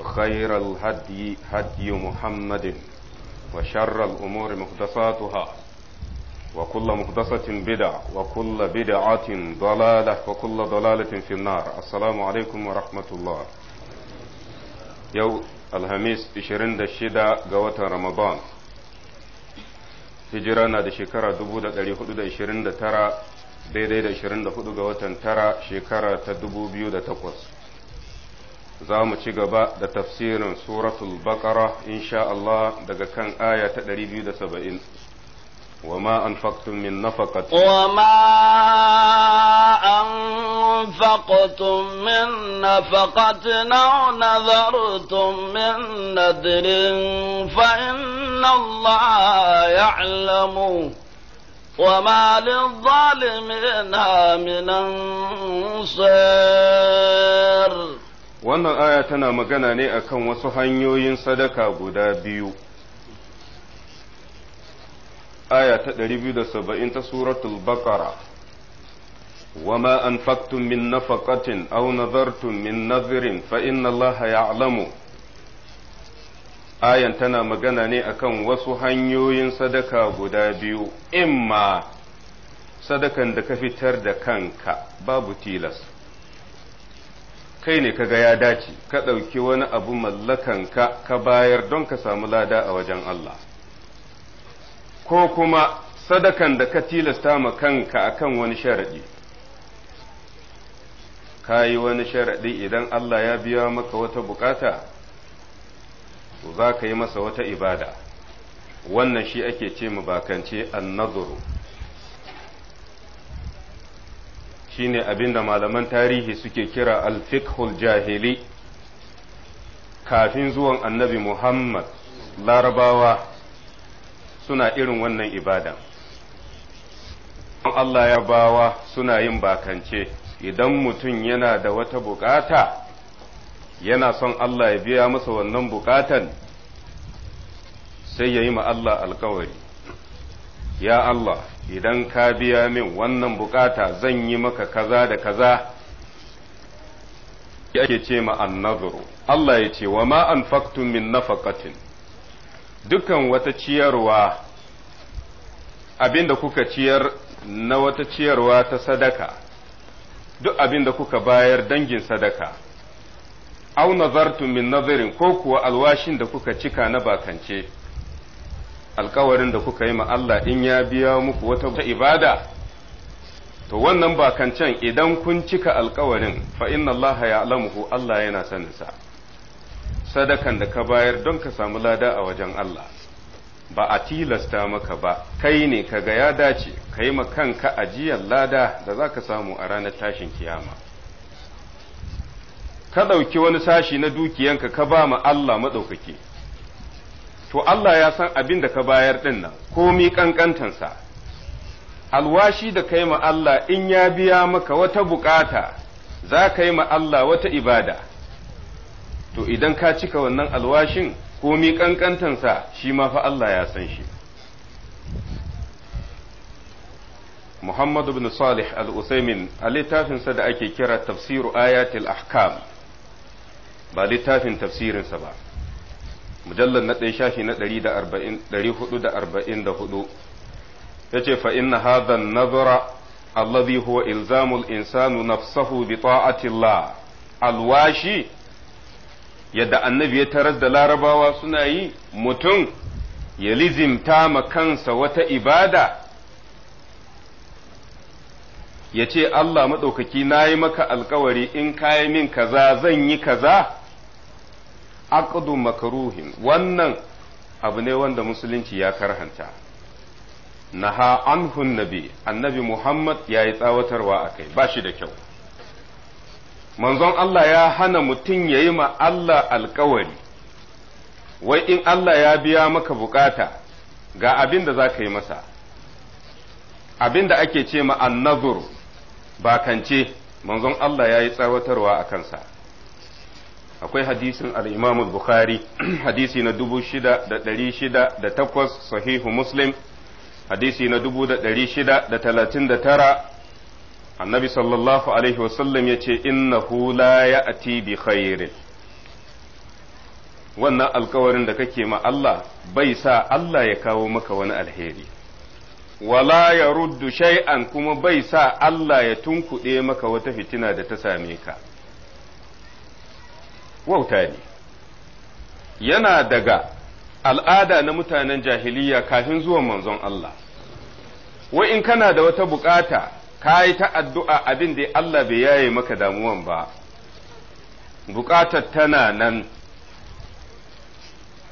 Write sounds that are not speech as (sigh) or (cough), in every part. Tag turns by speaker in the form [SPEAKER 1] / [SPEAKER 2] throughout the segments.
[SPEAKER 1] وخير الهدي هدي محمد وشر الأمور محدثاتها وكل محدثة بدعة وكل بدعة ضلالة وكل ضلالة في النار السلام عليكم ورحمة الله يو الهميس 26 قوة رمضان hijira na da shekara 1429 daidai da 24 ga watan tara shekara ta 2008 za mu ci gaba da tafsirin suratul baqara insha Allah daga kan aya ta 270 wa ma anfaqtum min nafaqat wa
[SPEAKER 2] ma anfaqtum min nafaqat naw nadartum min nadrin fa inna Allah ya'lamu وما للظالمين من انصار
[SPEAKER 1] wannan aya tana magana ne akan wasu hanyoyin sadaka guda biyu aya ta 270 ta suratul baqara wama anfaqtum min nafaqatin aw nadartum min nadhrin fa inna allaha ya'lamu ayan tana magana ne akan wasu hanyoyin sadaka guda biyu imma sadakan da ka fitar da kanka babu tilas kai ne kaga ya dace ka ɗauki wani abu mallakanka ka bayar don ka samu lada a wajen Allah ko kuma sadakan da ka tilasta ma kanka akan wani sharaɗi ka yi wani sharaɗi idan Allah ya biya maka wata bukata to za ka yi masa wata ibada wannan shi ake ce mu bakance annazuru Shi ne abin da malaman tarihi suke kira alfikhul jahili kafin zuwan annabi Muhammad larabawa suna irin wannan ibada. Allah ya bawa suna yin bakance idan mutum yana da wata bukata yana son Allah ya biya masa wannan bukatan sai ya yi ma Allah alkawari, ya Allah idan ka biya min wannan bukata zan yi maka kaza da kaza ake ce ma annazuru Allah ya ce wa ma anfaqtum min nafaqatin dukan wata ciyarwa abinda kuka ciyar na wata ciyarwa ta sadaka duk abinda kuka bayar dangin sadaka au nazartu min nazarin ko kuwa alwashin da kuka cika na bakance alkawarin da kuka yi ma Allah in ya biya muku wata ibada to wannan ba kancan idan kun cika alkawarin fa inna Allah alamuhu Allah yana saninsa sadakan da ka bayar don ka samu lada a wajen Allah ba a tilasta maka ba kai ne ka ga ya dace ka yi kanka ajiyar lada da za ka samu a ranar tashin kiyama ka ɗauki wani sashi na dukiyanka ka ba ma Allah maɗaukaki to Allah ya san abin da ka bayar ɗin nan komi ƙanƙantansa alwashi da kai ma Allah in ya biya maka wata bukata za ka yi ma Allah wata ibada to idan ka cika wannan alwashin komi ƙanƙantansa shi ma fa Allah ya san shi Muhammadu bin Salih al-Usaimin a littafinsa da ake kira tafsiru ayatul ahkam ba littafin tafsirinsa ba mujallar na ɗaya shafi na ɗari hudu da arba'in da hudu ya ce fa inna hadhan nazara alladhi huwa ilzamul insanu nafsahu bi ta'atillah alwashi yadda annabi ya taras da larabawa suna yi mutum ya lizimta ma kansa wata ibada ya ce Allah maɗaukaki na yi maka alkawari in kayi min kaza zan yi kaza aqdu makruhin wannan abu ne wanda musulunci ya karhanta naha anhu nabi annabi muhammad ya yi tsawatarwa a kai ba shi da kyau manzon Allah ya hana mutum ya yi ma Allah alkawari wai in Allah ya biya maka bukata ga abin da za ka yi masa abin da ake ce ma ba kance manzon Allah ya yi tsawatarwa a kansa akwai hadisin al bukhari (clears throat) hadisi na takwas sahihu Muslim hadisi na tara. annabi sallallahu alaihi wasallam yace innahu la ya'ti bi khairin wannan alkawarin da kake ma Allah bai sa Allah ya kawo maka wani alheri wala ya ruddu shay'an kuma bai sa Allah ya tunkuɗe maka wata fitina da ta same ka wauta ne yana daga al'ada na mutanen jahiliya kafin zuwan manzon Allah wa in kana da wata bukata ka yi ta addu'a abin da Allah bai yaye maka damuwan ba bukatar tana nan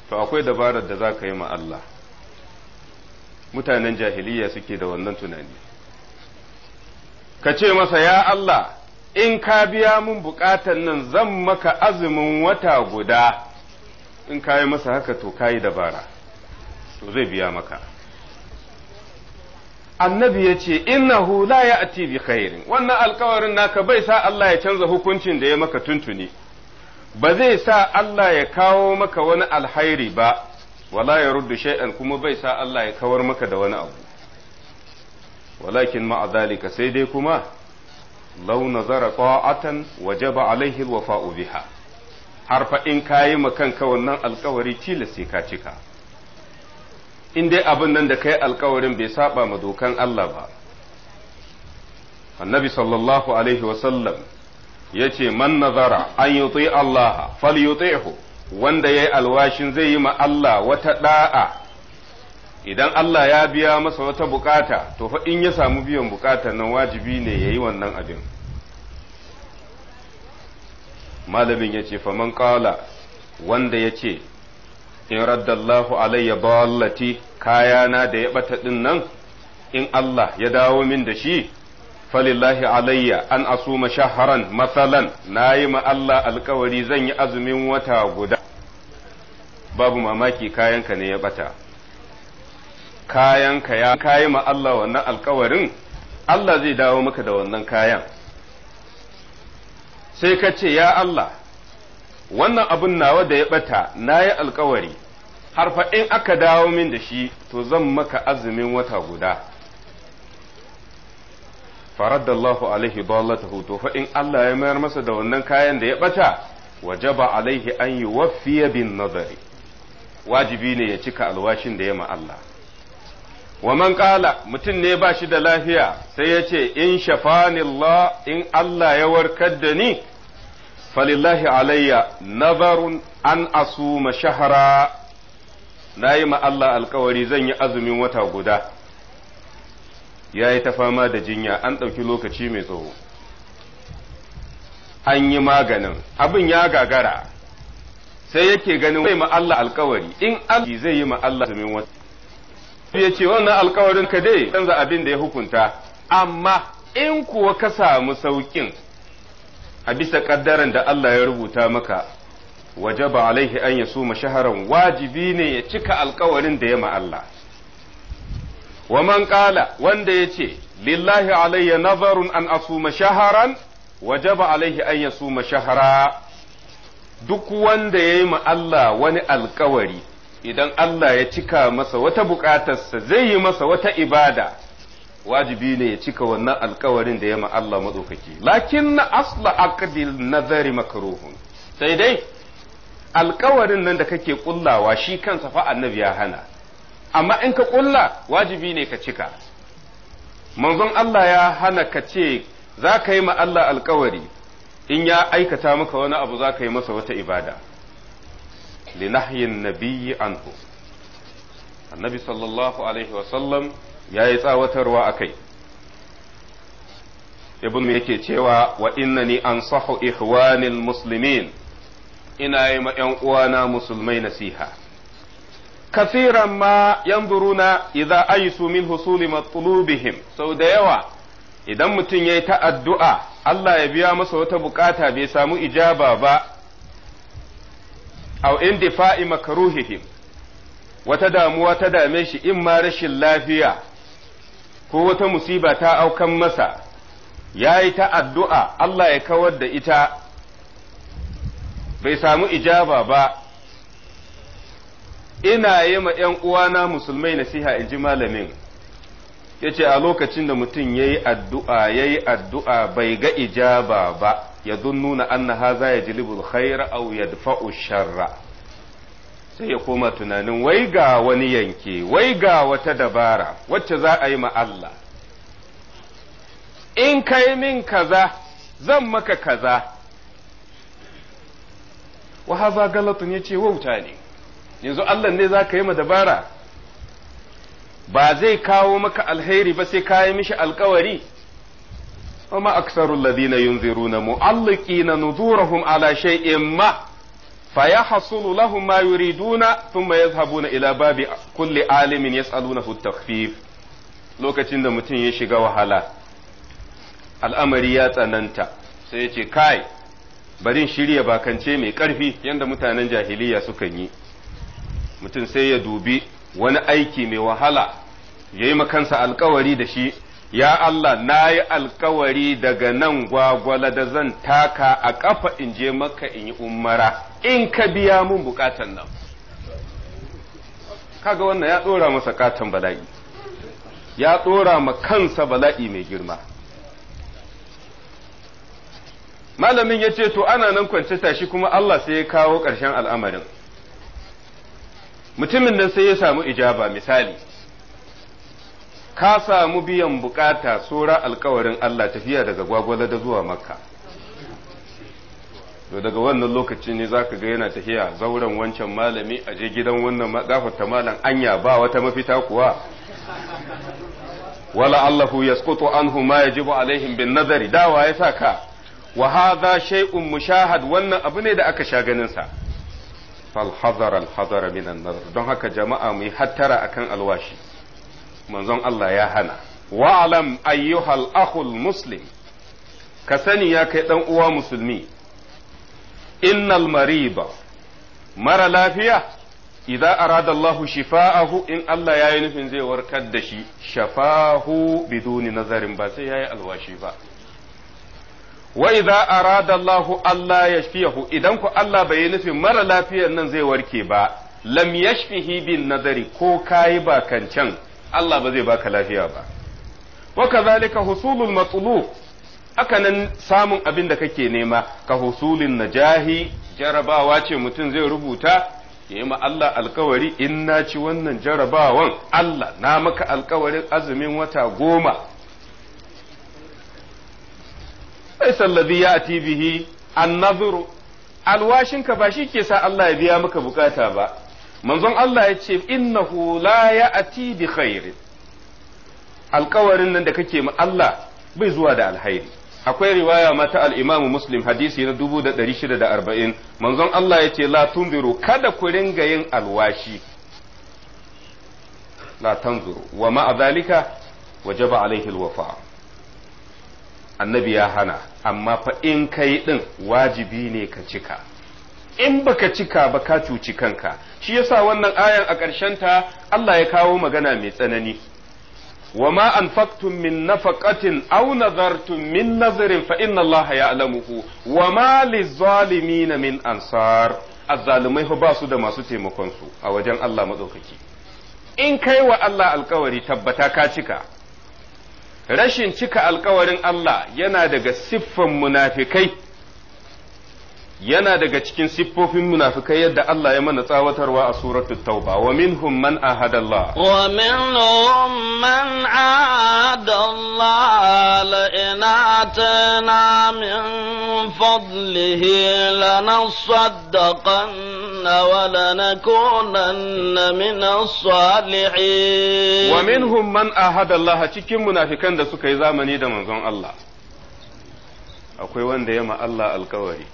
[SPEAKER 1] to akwai dabarar da za ka yi ma Allah mutanen jahiliya suke da wannan tunani ka ce masa ya Allah in ka biya mun bukatan nan zan maka azumin wata guda in ka yi masa haka to ka yi dabara to zai biya maka annabi ya ce innahu la ati bi khairin wannan alkawarin naka bai sa Allah ya canza hukuncin da ya maka tuntuni ba zai sa Allah ya kawo maka wani alhairi ba wala ya ruddu shay'an kuma bai sa Allah ya kawar maka da wani abu walakin ma'a zalika sai dai kuma lau nazara ta'atan wajaba alaihi alwafa'u biha har fa in kayi ma kanka wannan alkawari tilas sai ka cika in dai abin nan da kai alkawarin bai saɓa ma dokan Allah ba annabi sallallahu alaihi wasallam ya ce man nazara an yuti Allah falyuti'hu wanda yayi alwashin zai yi ma Allah wata ɗa'a. idan Allah ya biya masa wata bukata to fa in ya samu biyan bukatar nan wajibi ne yayi wannan abin malamin ya ce faman qala wanda ya ce in raddallahu alayya dallati kayana da ya bata din nan in Allah ya dawo min da shi falillahi alayya an asuma shaharan matsalan na yi ma Allah alkawari zan yi azumin wata guda babu mamaki kayanka ne ya bata ka ya kayi ma Allah wannan alkawarin Allah zai dawo maka da wannan kayan sai ka ce ya Allah wannan abun nawa da ya bata na yi alkawari har fa in aka dawo min da shi to zan maka azumin wata guda faraddallahu alaihi dallatahu to fa in Allah ya mayar masa da wannan kayan da ya bata wajaba alaihi an yuwaffiya bin nazari wajibi ne ya cika alwashin da ya ma Allah wa man qala mutum ne ba shi da lafiya sai ya ce in shafani Allah in Allah ya warkar da ni falillahi alayya nazarun an asuma shahara nayi ma Allah alkawari zan yi azumin wata guda yayi ta fama da jinya an ɗauki lokaci mai tsawo an yi maganin abin ya gagara sai yake ganin zai ma Allah alkawari in Allah zai yi ma Allah azumin wata ya ce wannan alkawarin ka dai canza abin da ya hukunta amma in kuwa ka samu saukin a bisa kaddaran da Allah ya rubuta maka wajaba alaihi an ya suma shaharan wajibi ne ya cika alkawarin da ya ma Allah wa man kala wanda ya ce lillahi alayya nazarun an asuma shaharan wajaba alaihi an ya suma shahara duk wanda ya yi ma Allah wani alkawari idan Allah ya cika masa wata bukatarsa zai yi masa wata ibada wajibi ne ya cika wannan alkawarin da ya ma Allah maɗaukaki lakin na asla aqdil nazari makruhun sai dai alkawarin nan da kake kullawa shi kansa fa annabi ya hana amma in ka kulla wajibi ne ka cika manzon Allah ya hana ka ce za ka yi ma Allah alkawari in ya aikata maka wani abu za ka yi masa wata ibada linahyin nabiyyi anhu annabi sallallahu alaihi wasallam ya yi tsawatarwa a kai ibn yake cewa wa innani ansahu ihwanil muslimin ina yi ma ‘yan uwana musulmai nasiha kasiran ma yanzuruna idza aisu min husuli matlubihim sau da yawa idan mutum ya yi ta addu'a Allah ya biya masa wata bukata bai samu ijaba ba aw indifa'i makruhihim wata damuwa ta dame shi in ma rashin lafiya ko wata musiba ta aukan masa ya yi ta addu'a Allah ya kawar da ita bai samu ijaba ba ina yi ma ‘yan uwana musulmai nasiha in ji malamin ya ce a lokacin da mutum ya yi addu'a ya yi addu'a bai ga ijaba ba yadhunnuna anna hadha yajlibu alkhaira aw yadfa'u sharra sai ya koma tunanin wai ga wani yanke wai ga wata dabara wacce za a yi ma Allah in kai min kaza zan maka kaza wahaza haza galatun ya ce wauta ne yanzu Allah ne za ka yi ma dabara ba zai kawo maka alheri ba sai ka yi mishi alkawari wa ma aksarul ladina yunziruna na nuzurahum ala shay'in ma فيحصل ma yuriduna يريدون ثم ila إلى kulli alimin عالم يسألونه التخفيف lokacin da mutum ya shiga wahala al'amari ya tsananta sai ya ce kai barin shirya bakance mai ƙarfi yadda mutanen jahiliya sukan yi mutum sai ya dubi wani aiki mai wahala ya yi makansa alkawari da shi ya Allah na yi alkawari daga nan gwagwala da zan taka a ƙafa in je maka in yi umara in ka biya mun bukatan nan kaga wannan ya tsora masa katon bala'i ya tsora ma kansa bala'i mai girma malamin ya ce to ana nan kwance tashi kuma Allah sai ya kawo ƙarshen al'amarin mutumin nan sai ya samu ijaba misali ka samu biyan bukata sora alkawarin Allah tafiya daga gwagwala da zuwa makka to daga wannan lokaci ne zaka ga yana tafiya zauren wancan malami a je gidan wannan gafarta malam anya ba wata mafita kuwa
[SPEAKER 2] wala allahu
[SPEAKER 1] yasqutu anhu ma yajibu alaihim bin nazari dawa ya ka wa hadha shay'un mushahad wannan abu ne da aka sha ganin sa fal hazara al hazara minan nazar don haka jama'a mu yi hattara akan alwashi manzon Allah ya hana wa'alam ayyuhal akhul muslim ka sani ya kai dan uwa musulmi innal mariba mara lafiya idan arada Allahu shifa'ahu in Allah yayi nufin zai warkar da shi shafahu biduni nazarin ba sai yayi alwashi ba wa idza arada Allah Allah yashfiyahu idan ku Allah bai yi nufin mara lafiyar nan zai warke ba lam yashfihi bin nazari ko kayi ba kancan Allah ba zai baka lafiya ba waka zalika husulul matlub haka nan samun abin da kake nema ka husulin najahi jarabawa ce mutum zai rubuta ya yi Allah alkawari in na ci wannan jarabawan Allah na maka alkawarin azumin wata goma sai sallabi ya bihi an nazuru alwashinka ba shi ke sa Allah ya biya maka bukata ba manzon Allah ya ce innahu la ya'ti bi khairi alkawarin nan da kake ma Allah bai zuwa da alhairi akwai riwaya mata al-Imam Muslim hadisi na 1640 manzon Allah ya ce la tunziru kada ku ringa yin alwashi la tanzuru wa ma zalika wajaba alaihi alwafa annabi ya hana amma fa in kai din wajibi ne ka cika in baka cika ba ka cuci kanka shi yasa wannan ayan a ƙarshen ta Allah ya kawo magana mai tsanani wa ma anfaqtum min nafaqatin aw nazartum min nazarin fa inna Allah ya'lamuhu wa ma lizalimin min ansar azzalumai ba su da masu taimakon su a wajen Allah madaukaki in kai wa Allah alkawari tabbata ka cika rashin cika alkawarin Allah yana daga siffan munafikai yana daga cikin siffofin munafikai yadda Allah ya mana tsawatarwa a suratul tauba wa minhum man Allah wa
[SPEAKER 2] minhum man Allah la inatana min fadlihi lanasaddaqanna wa lanakunanna min as-salihin wa minhum
[SPEAKER 1] man Allah cikin munafikan da suka yi zamani da manzon Allah akwai wanda ya ma Allah alkawari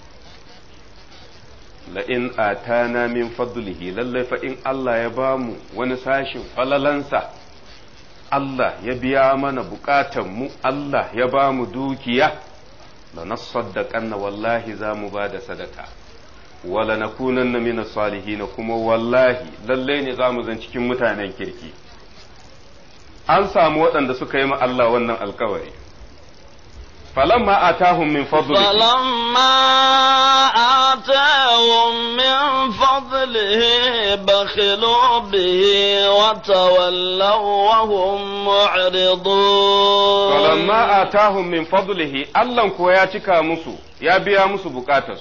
[SPEAKER 1] la'in atana min fadlihi lallai fa in Allah ya ba mu wani sashin falalansa Allah ya biya mana mu Allah ya ba mu dukiya la nasaddaqanna wallahi za mu ba da sadaka wala nakunanna min salihin kuma wallahi lallai ne za mu zan cikin mutanen kirki an samu waɗanda suka yi ma Allah wannan alkawari falamma atahum min
[SPEAKER 2] fadlihi falamma آتاهم من فضله بخلوا به وتولوا وهم معرضون فلما
[SPEAKER 1] آتاهم من فضله الله كوياتك تشكا مسو يا بيا مسو بكاتس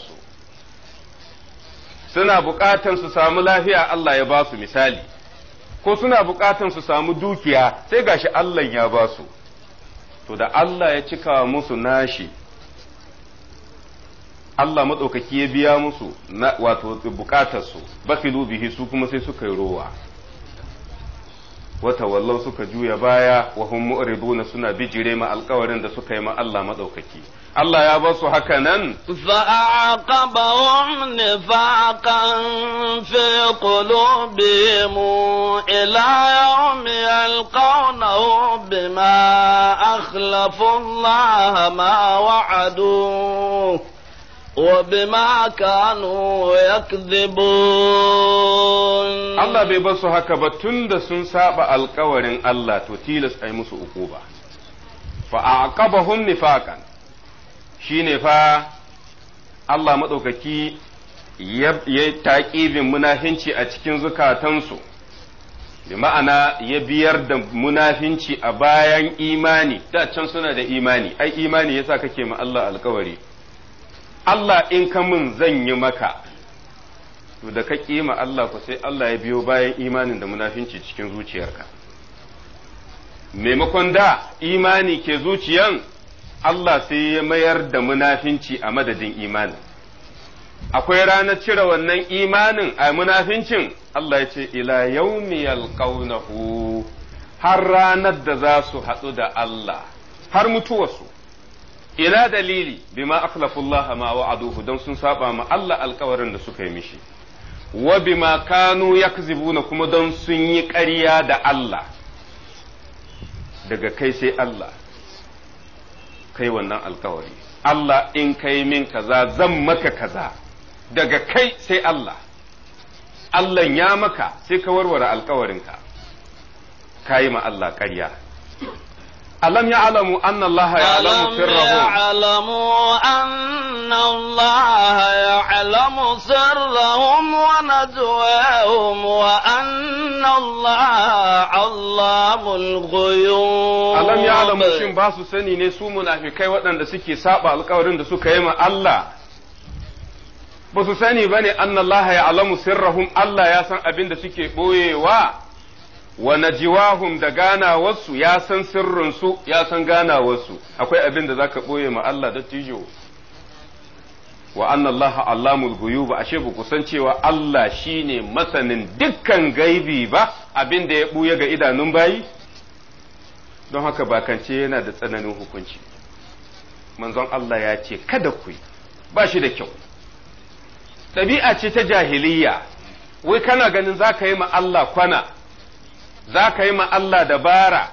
[SPEAKER 1] suna bukatan su samu الله يباس مثالي ko suna bukatan su samu dukiya sai gashi Allah ya ba su to da Allah ya cika musu nashi Allah maɗaukaki ya biya musu na wato bukatarsu bakilu bihi su kuma sai suka yi rowa wata wallau suka juya baya wa hum suna bijire ma alƙawarin da suka yi ma Allah maɗaukaki Allah ya ba su haka nan
[SPEAKER 2] fa'aqabahum nifaqan fi qulubihim ila yawm yalqawnahu bima akhlafu Allah ma wa'aduhu وبما كانوا يكذبون Allah bai basu haka ba tunda sun saba alkawarin Allah
[SPEAKER 1] to tilas ai musu ukuba fa aqabahum nifaqan shine fa Allah madaukaki ya taƙibin munafinci a cikin zukatansu bi ma'ana ya biyar da munafinci a bayan imani da can suna da imani ai imani yasa kake ma Allah alkawari Allah in ka mun zan yi maka to da ka kima Allah ku sai Allah ya biyo bayan imanin da munafinci cikin zuciyarka maimakon da imani ke zuciyan Allah sai ya mayar da munafinci a madadin imani. akwai ranar cire wannan imanin a munafincin Allah ya ce ila yaumi yalqaunahu har ranar da za su haɗu da Allah har mutuwarsu ina dalili bima akhlafullah ma wa'aduhu dan sun saba ma Allah alkawarin da suka yi mishi wa bima kanu yakzibuna kuma don sun yi ƙarya da Allah daga kai sai Allah kai wannan alkawari Allah in kai min kaza zan maka kaza daga kai sai Allah Allah ya maka sai ka warware alkawarin ka yi ma Allah ƙarya alam ya'lamu anna allaha ya'lamu sirrahum alam
[SPEAKER 2] ya'lamu anna allaha ya'lamu sirrahum wa najwahum wa anna allaha allamul ghuyub alam ya'lamu shin
[SPEAKER 1] basu sani ne su munafikai waɗanda suke saba alƙawarin da suka yi ma Allah ba su sani ba ne annallaha alamu Allah ya san abin da suke ɓoyewa wa najwahum da ganawarsu ya san sirrinsu ya san ganawarsu akwai abin da ka ɓoye ma Allah da tijo wa anna Allah allamul ghuyub ashe ba ku san cewa Allah shine masanin dukkan gaibi ba abin da ya buya ga idanun bayi don haka bakance yana da tsananin hukunci manzon Allah ya ce kada ku ba shi da kyau ɗabi'a ce ta jahiliya wai kana ganin za ka yi ma Allah kwana za ka yi ma Allah dabara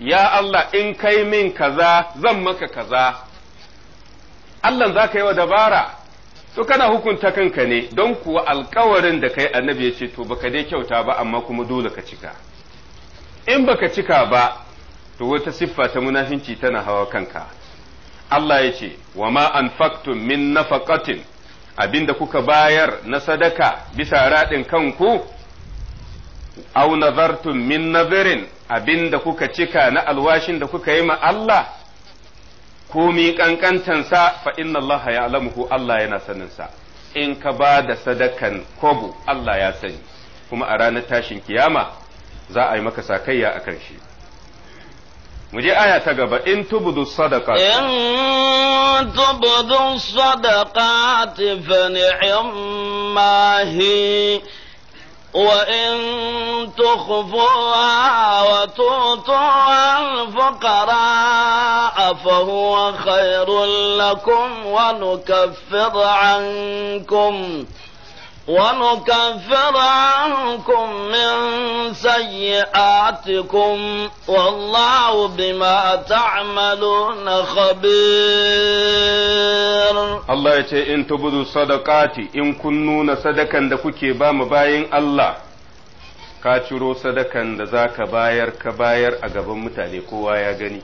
[SPEAKER 1] ya Allah in kai min kaza zan maka kaza Allah za ka yi wa dabara to kana hukunta kanka ne don kuwa alkawarin da kai annabi ya ce to baka dai kyauta ba amma kuma dole ka cika in baka cika ba to wata siffa ta munafinci tana hawa kanka Allah ya ce wa ma anfaqtum min nafaqatin abinda kuka bayar na sadaka bisa raɗin kanku aw nazartum min nazarin abinda kuka cika na alwashin da kuka yi ma Allah komi kankantansa fa inna Allah ya'lamuhu Allah yana sanin sa in ka ba da sadakan kobo Allah ya sani kuma a ranar tashin kiyama za a yi maka sakayya a kan shi mu je aya ta gaba in tubudu sadaka.
[SPEAKER 2] in tubudu sadaqati fa ni'mahi وإن تخفوها وتؤتوها الفقراء فهو خير لكم ونكفر عنكم ۖ ونكفر عنكم من سيئاتكم والله بما تعملون خبير
[SPEAKER 1] الله يتي إن تبدو صدقاتي إن كنون صدقا دكوكي بام باين الله ka ciro sadakan da za ka bayar ka bayar a gaban mutane kowa ya gani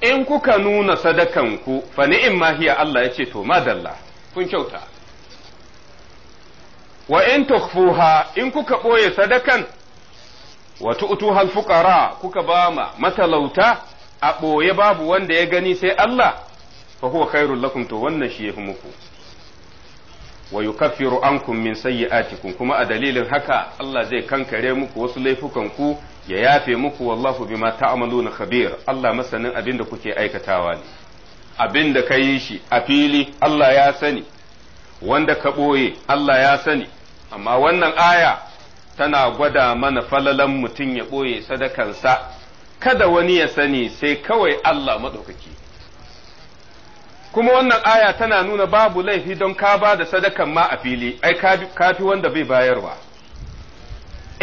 [SPEAKER 1] in kuka nuna sadakan ku fa ni'im ma Allah ya ce to ma madalla kun kyauta wa in tukfuha in kuka ɓoye sadakan wa tu'tuha fuqara kuka ba ma matalauta a ɓoye babu wanda ya gani sai Allah fa huwa khairul lakum to wannan shi yafi muku wa yukaffiru ankum min sayyi'atikum kuma a dalilin haka Allah zai kankare muku wasu laifukan ku ya yafe muku wallahu bima ta'maluna khabir Allah masanin abin da kuke aikatawa ne abin da ka yi shi a fili Allah ya sani wanda ka ɓoye Allah ya sani amma wannan aya tana gwada mana falalan mutum ya ɓoye sadakansa kada wani ya sani sai kawai Allah maɗaukaki kuma wannan aya tana nuna babu laifi don ka ba da sadakan ma a fili ai kafi wanda bai bayarwa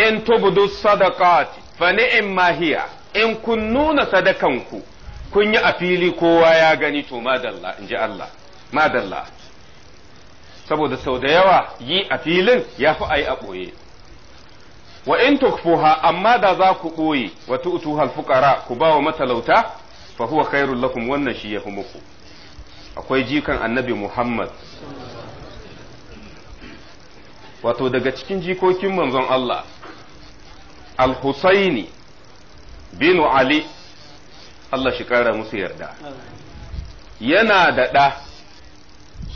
[SPEAKER 1] in tubudu sadaqati fa ni'im ma in kun nuna sadakanku kun yi a fili kowa ya gani to madalla in ji Allah madalla saboda sau da yawa yi a filin ya fi a yi a ɓoye wa in tukfuha amma da za ku ɓoye wa hal fuqara ku ba wa matalauta fa huwa khairul lakum wannan shi yafi muku akwai jikan annabi Muhammad wato daga cikin jikokin manzon Allah al-Husaini bin Ali Allah shi kara musu yarda yana da ɗa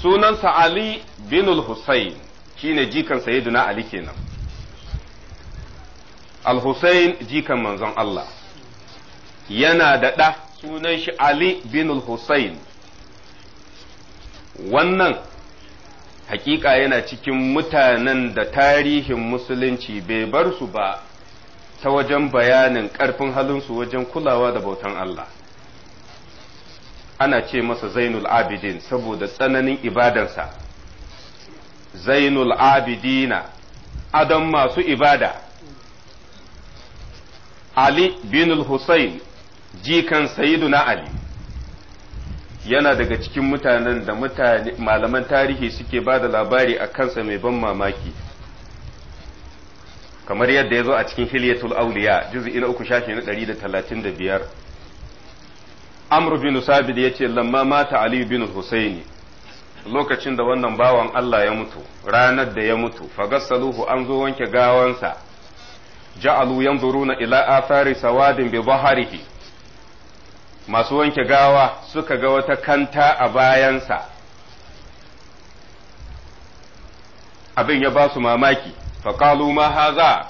[SPEAKER 1] sunansa Ali bin al-Husayn shine jikan sayyidina Ali kenan al-Husayn jikan manzon Allah yana da ɗa sunan shi Ali bin al-Husayn wannan haƙiƙa yana cikin mutanen da tarihin musulunci bai bar su ba ta wajen bayanin ƙarfin halinsu wajen kulawa da bautan Allah ana ce masa zainul abidin saboda tsananin ibadarsa zainul abidina adon masu ibada ali bin hussein jikan sayiduna ali yana daga cikin mutanen da mutane malaman tarihi suke ba da labari a kansa mai ban mamaki kamar yadda ya zo a cikin hilyatul auliya juz'i na uku shafi na 135 amr bin sabit ya ce lamma mata ali bin husaini lokacin da wannan bawan Allah ya mutu ranar da ya mutu fagassaluhu an zo wanke gawansa ja'alu yanzuruna ila athari sawadin bi baharihi masu wanke gawa suka ga wata kanta a bayansa abin ya ba su mamaki faqalu ma haza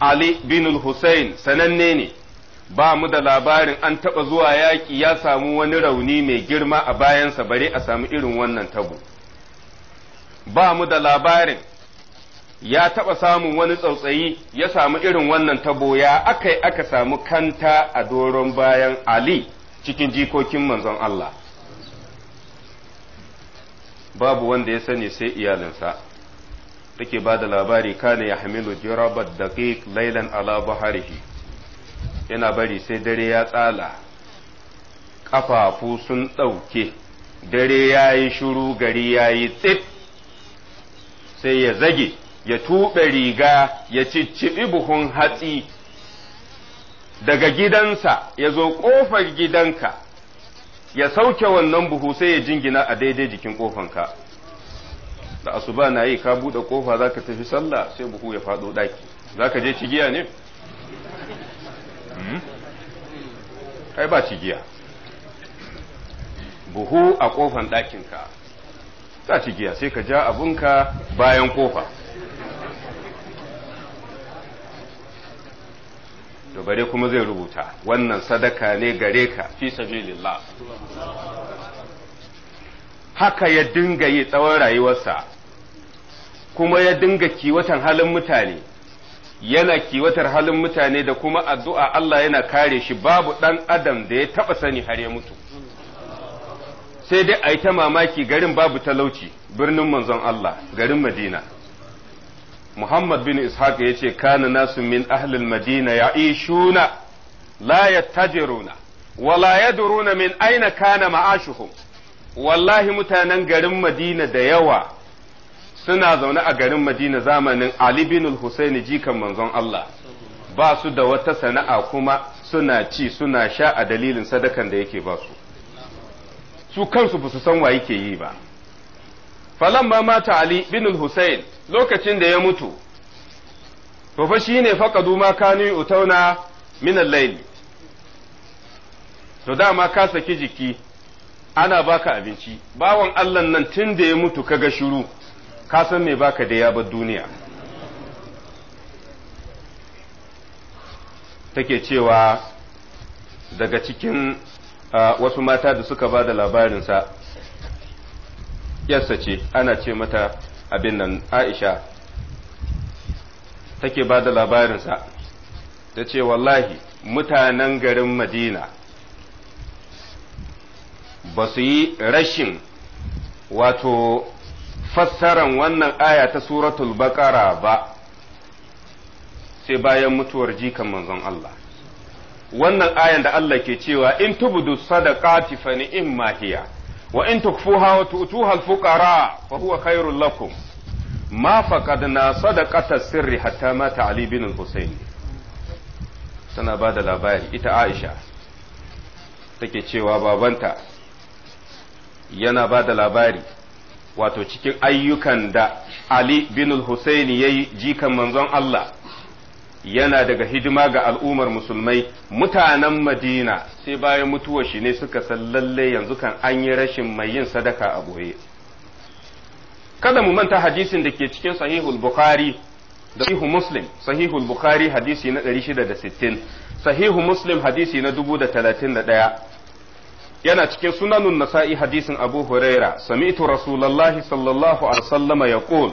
[SPEAKER 1] ali bin husayn sananne ne ba mu da labarin an taɓa zuwa yaƙi ya samu wani rauni mai girma a bayansa bare a samu irin wannan tabo ba mu da labarin ya taɓa samun wani tsautsayi ya samu irin wannan tabo ya aka yi aka samu kanta a doron bayan ali cikin jikokin manzon Allah babu wanda ya sani sai iyalinsa take ba da labari kana ya hamilu jirabar daqiq lailan ala baharihi yana bari sai dare ya tsala ƙafafu sun ɗauke dare ya yi shuru gari ya yi tsit sai ya zage ya tuɓe riga ya cicciɓi buhun hatsi daga gidansa ya zo ƙofar gidanka ya sauke wannan buhu sai ya jingina a daidai jikin ƙofanka da asuba na yi ka buɗe ƙofa za ka tafi sallah sai buhu ya faɗo ɗaki za ka je cigiya ne kai hmm? ba cigiya buhu a kofan ɗakinka ta cigiya sai ka ja abunka bayan kofa to bare kuma zai rubuta wannan sadaka ne gare ka fi sabilillah haka ya dinga yi tsawon rayuwarsa kuma ya dinga kiwatan halin mutane yana kiwatar halin mutane da kuma addu'a Allah yana kare shi babu ɗan adam da ya taɓa sani har ya mutu sai dai a yi ta mamaki garin babu talauci birnin manzon Allah garin Madina Muhammad bin Ishaq ya ce kana nasu min ahlil Madina ya ishuna la yattajiruna wala yaduruna min aina kana ma'ashuhum wallahi mutanen garin Madina da yawa suna zaune a garin Madina zamanin Ali bin Husaini jikan manzon Allah ba su da wata sana'a kuma suna ci suna sha a dalilin sadakan da yake ba su su kansu ba su san wa yake yi ba Falan mata Ali bin Husain lokacin da ya mutu to fa shine faqadu ma kanu utauna min al-layl to dama ka saki jiki ana baka abinci bawan Allah nan tun da ya mutu kaga shiru ka san me baka da ya bar duniya take cewa daga cikin wasu mata da suka ba da labarinsa yarsa ce ana ce mata abin nan aisha take ba da labarinsa ta ce wallahi mutanen garin madina ba su yi rashin wato fassaran wannan aya ta suratul baqara ba sai bayan mutuwar jikan manzon Allah wannan ayan da Allah ke cewa in tubdu sadaqati fa ni'ma hiya wa in tukfuha wa tu'tuha al-fuqara fa huwa khairul lakum ma faqadna sadaqata sirri hatta mata Ali bin al-Husayn tana bada labari ita Aisha take cewa babanta yana bada labari wato cikin ayyukan da Ali bin Hussein ya yi jikan manzon Allah yana daga hidima ga al'ummar musulmai mutanen Madina sai bayan mutuwar shi ne suka san lalle yanzu kan an yi rashin mai yin sadaka a boye. Kada mu manta hadisin da ke cikin sahihul Bukhari da sahihu Muslim, sahihul Bukhari hadisi na 660, sahihu Muslim hadisi na 1031. yana cikin sunanun nasa'i hadisin abu huraira sami'tu rasulullahi sallallahu alaihi wasallam yaqul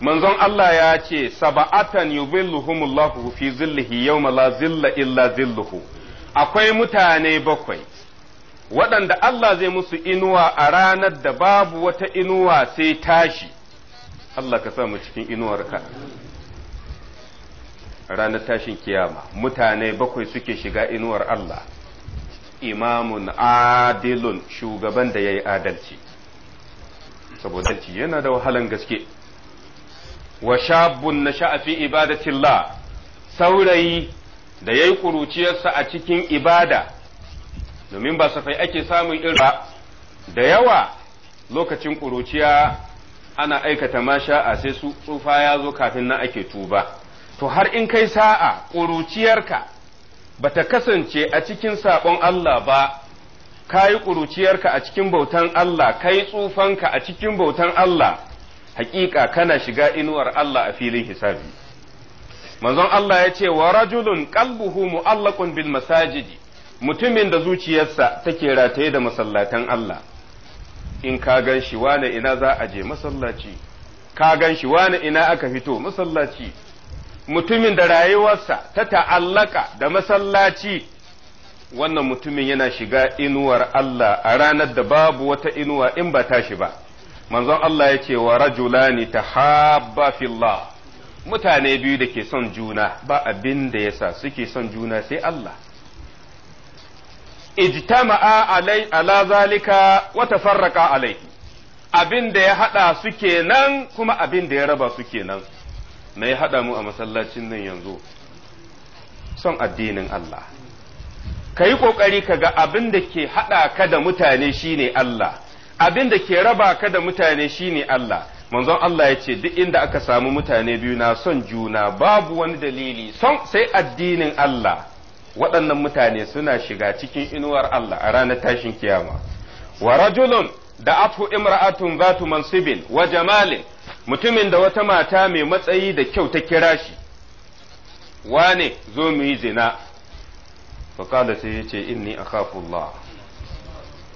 [SPEAKER 1] manzon Allah ya ce sab'atan yuzilluhumullahu fi zillihi yawma la zilla illa zilluhu akwai mutane bakwai waɗanda Allah zai musu inuwa a ranar da babu wata inuwa sai tashi Allah ka sa mu cikin inuwar ka. ranar tashin kiyama mutane bakwai suke shiga inuwar Allah imamun adilun shugaban da ya yi adalci saboda ci yana da wahalan gaske wa shabun na sha'afi la saurayi da ya yi ƙuruciyarsa a cikin ibada domin ba safai ake samun irin ba da yawa lokacin ƙuruciya ana aikata masha a sai su tsufa ya zo kafin na ake tuba to har in kai sa'a ƙuruciyarka Ba ta kasance a cikin saƙon Allah ba ka yi ƙuruciyarka a cikin bautan Allah kai tsufanka a cikin bautan Allah hakika kana shiga inuwar Allah a filin hisabi manzon Allah ya ce wa rajulun qalbuhu mu'allaqun bil masajidi mutumin da zuciyarsa take rataye da masallatan Allah in ka gan shi wane ina za a je masallaci ka gan shi wane ina aka fito masallaci mutumin da rayuwarsa ta ta'allaka da masallaci wannan mutumin yana shiga inuwar Allah a ranar da babu wata inuwa in ba tashi ba manzon Allah ya ce wa rajulani tahabba fillah mutane biyu da ke son juna ba abin da ya sa suke son juna sai Allah ijtama'a alai ala zalika wa tafarraqa alai abin da ya haɗa suke nan kuma abin da ya raba suke nan. Na ya haɗa mu a masallacin nan yanzu son addinin Allah ka yi ƙoƙari ka ga abin da ke haɗa ka da mutane shine Allah abin da ke raba ka da mutane shine Allah manzon Allah ya ce duk inda aka samu mutane biyu na son juna babu wani dalili son sai addinin Allah waɗannan mutane suna shiga cikin inuwar Allah a ranar tashin kiyama wa rajulun da afu imra'atun zatu mansibin wa jamalin mutumin da wata mata mai matsayi da kyau ta kira shi wane zo mu yi zina faƙada sai ya ce inni akhafullah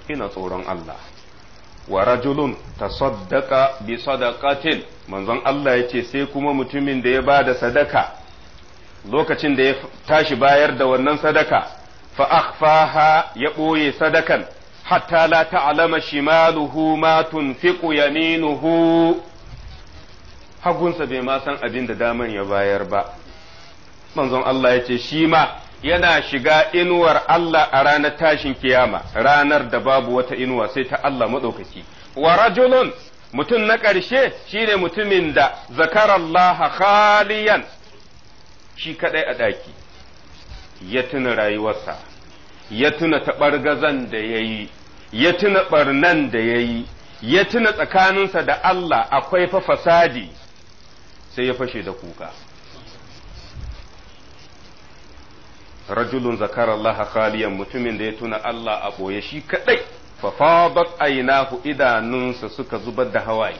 [SPEAKER 1] ina tsoron Allah wa rajulun sadaka bi sadaqatin manzon Allah ya ce sai kuma mutumin da ya ba da sadaka lokacin da ya tashi bayar da wannan sadaka fa ya ɓoye sadakan hatta la ta’alama shimaluhu ma tunfiqu yaminuhu hagunsa bai ma san abin da daman ya bayar ba manzon Allah ya ce shi ma yana shiga inuwar Allah a ranar tashin kiyama ranar da babu wata inuwa sai ta Allah maɗaukaki wa rajulun mutum na ƙarshe shine mutumin da zakarallaha khaliyan shi kadai a ɗaki ya tuna rayuwarsa ya tuna taɓargazan da ya yi ya tuna ɓarnan da ya yi ya tuna tsakaninsa da Allah akwai fa fasadi sai ya fashe da kuka rajulun Allah khaliyan mutumin da ya tuna Allah a boye shi kadai fa fadat aynahu idanunsa suka zubar da hawaye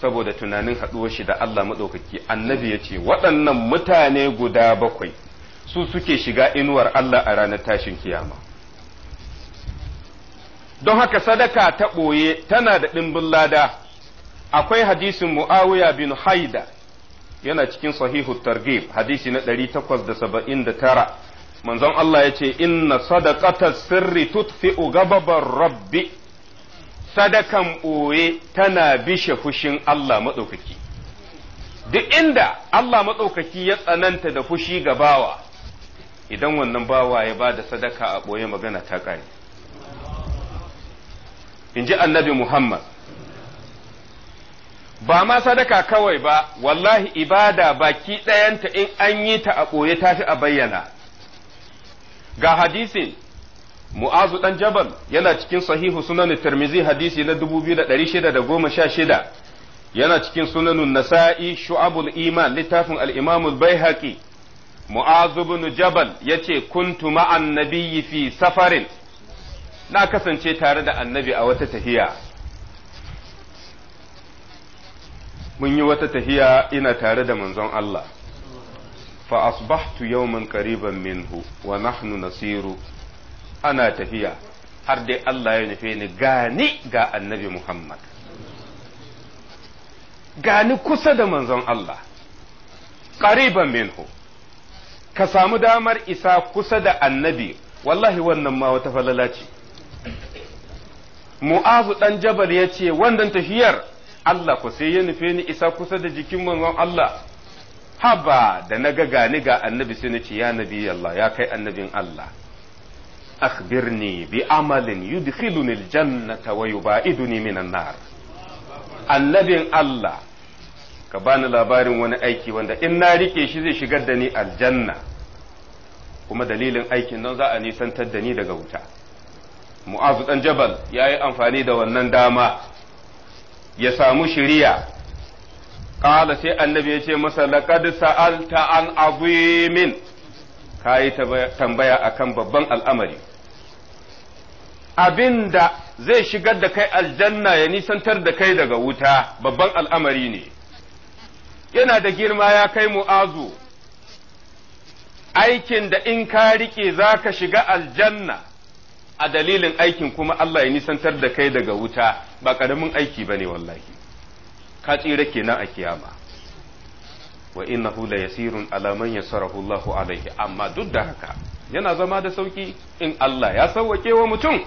[SPEAKER 1] saboda tunanin haɗuwar shi da Allah madaukaki annabi ya ce waɗannan mutane guda bakwai su suke shiga inuwar Allah a ranar tashin kiyama don haka sadaka ta ɓoye tana da ɗimbin lada akwai hadisin muawiya bin haida yana cikin sahihu targhib hadisi na 879 manzon Allah ya ce inna sadaqata sirri tutfi'u gababar rabbi sadakan ɓoye tana bishe fushin Allah maɗaukaki duk inda Allah maɗaukaki ya tsananta da fushi ga bawa idan wannan bawa ya ba da sadaka a ɓoye magana ta ƙare Inji annabi Muhammad ba ma sadaka kawai ba wallahi ibada baki ɗayanta in an yi ta a ɓoye ta fi a bayyana ga hadisin mu'azu ɗan jabal yana cikin sahihu sunan tirmizi hadisi na 2616 yana cikin sunanun nasa'i shu'abul iman littafin al-imamul mu'azu bin jabal ya ce kuntu ma'an nabiyyi fi safarin na kasance tare da annabi a wata tafiya. mun yi wata tafiya ina tare da manzon Allah fa asbahtu yawman qariban minhu wa nahnu nasiru ana tafiya har dai Allah ya nufe ni gani ga annabi Muhammad gani kusa da manzon Allah qariban minhu ka samu damar isa kusa da annabi wallahi wannan ma wata falala ce mu'azu dan jabal ya ce wannan tafiyar Allah fa sai ya nufe ni isa kusa da jikin manzon Allah haba da na ga gani ga annabi sai na ce ya nabi Allah ya kai annabin Allah akhbirni bi amalin yudkhiluni aljannata wa yubaiduni minan nar annabin Allah ka bani labarin wani aiki wanda in na rike shi zai shigar da ni aljanna kuma dalilin aikin nan za a nisantar da ni daga wuta mu'azu dan jabal yayi amfani da wannan dama ya samu shiriya qala sai annabi ya ce masa laqad sa'alta an azimin kayi tambaya akan babban al'amari abin da zai shigar da kai aljanna ya nisantar da kai daga wuta babban al'amari ne yana da girma ya kai mu'azu aikin da in ka riƙe za ka shiga aljanna a dalilin aikin kuma Allah ya nisantar da kai daga wuta ba karamin aiki bane wallahi ka tsira kenan a kiyama wa innahu la yasirun ala man yasarahu Allah alayhi amma duk da haka yana zama da sauki in Allah ya sauwake wa mutum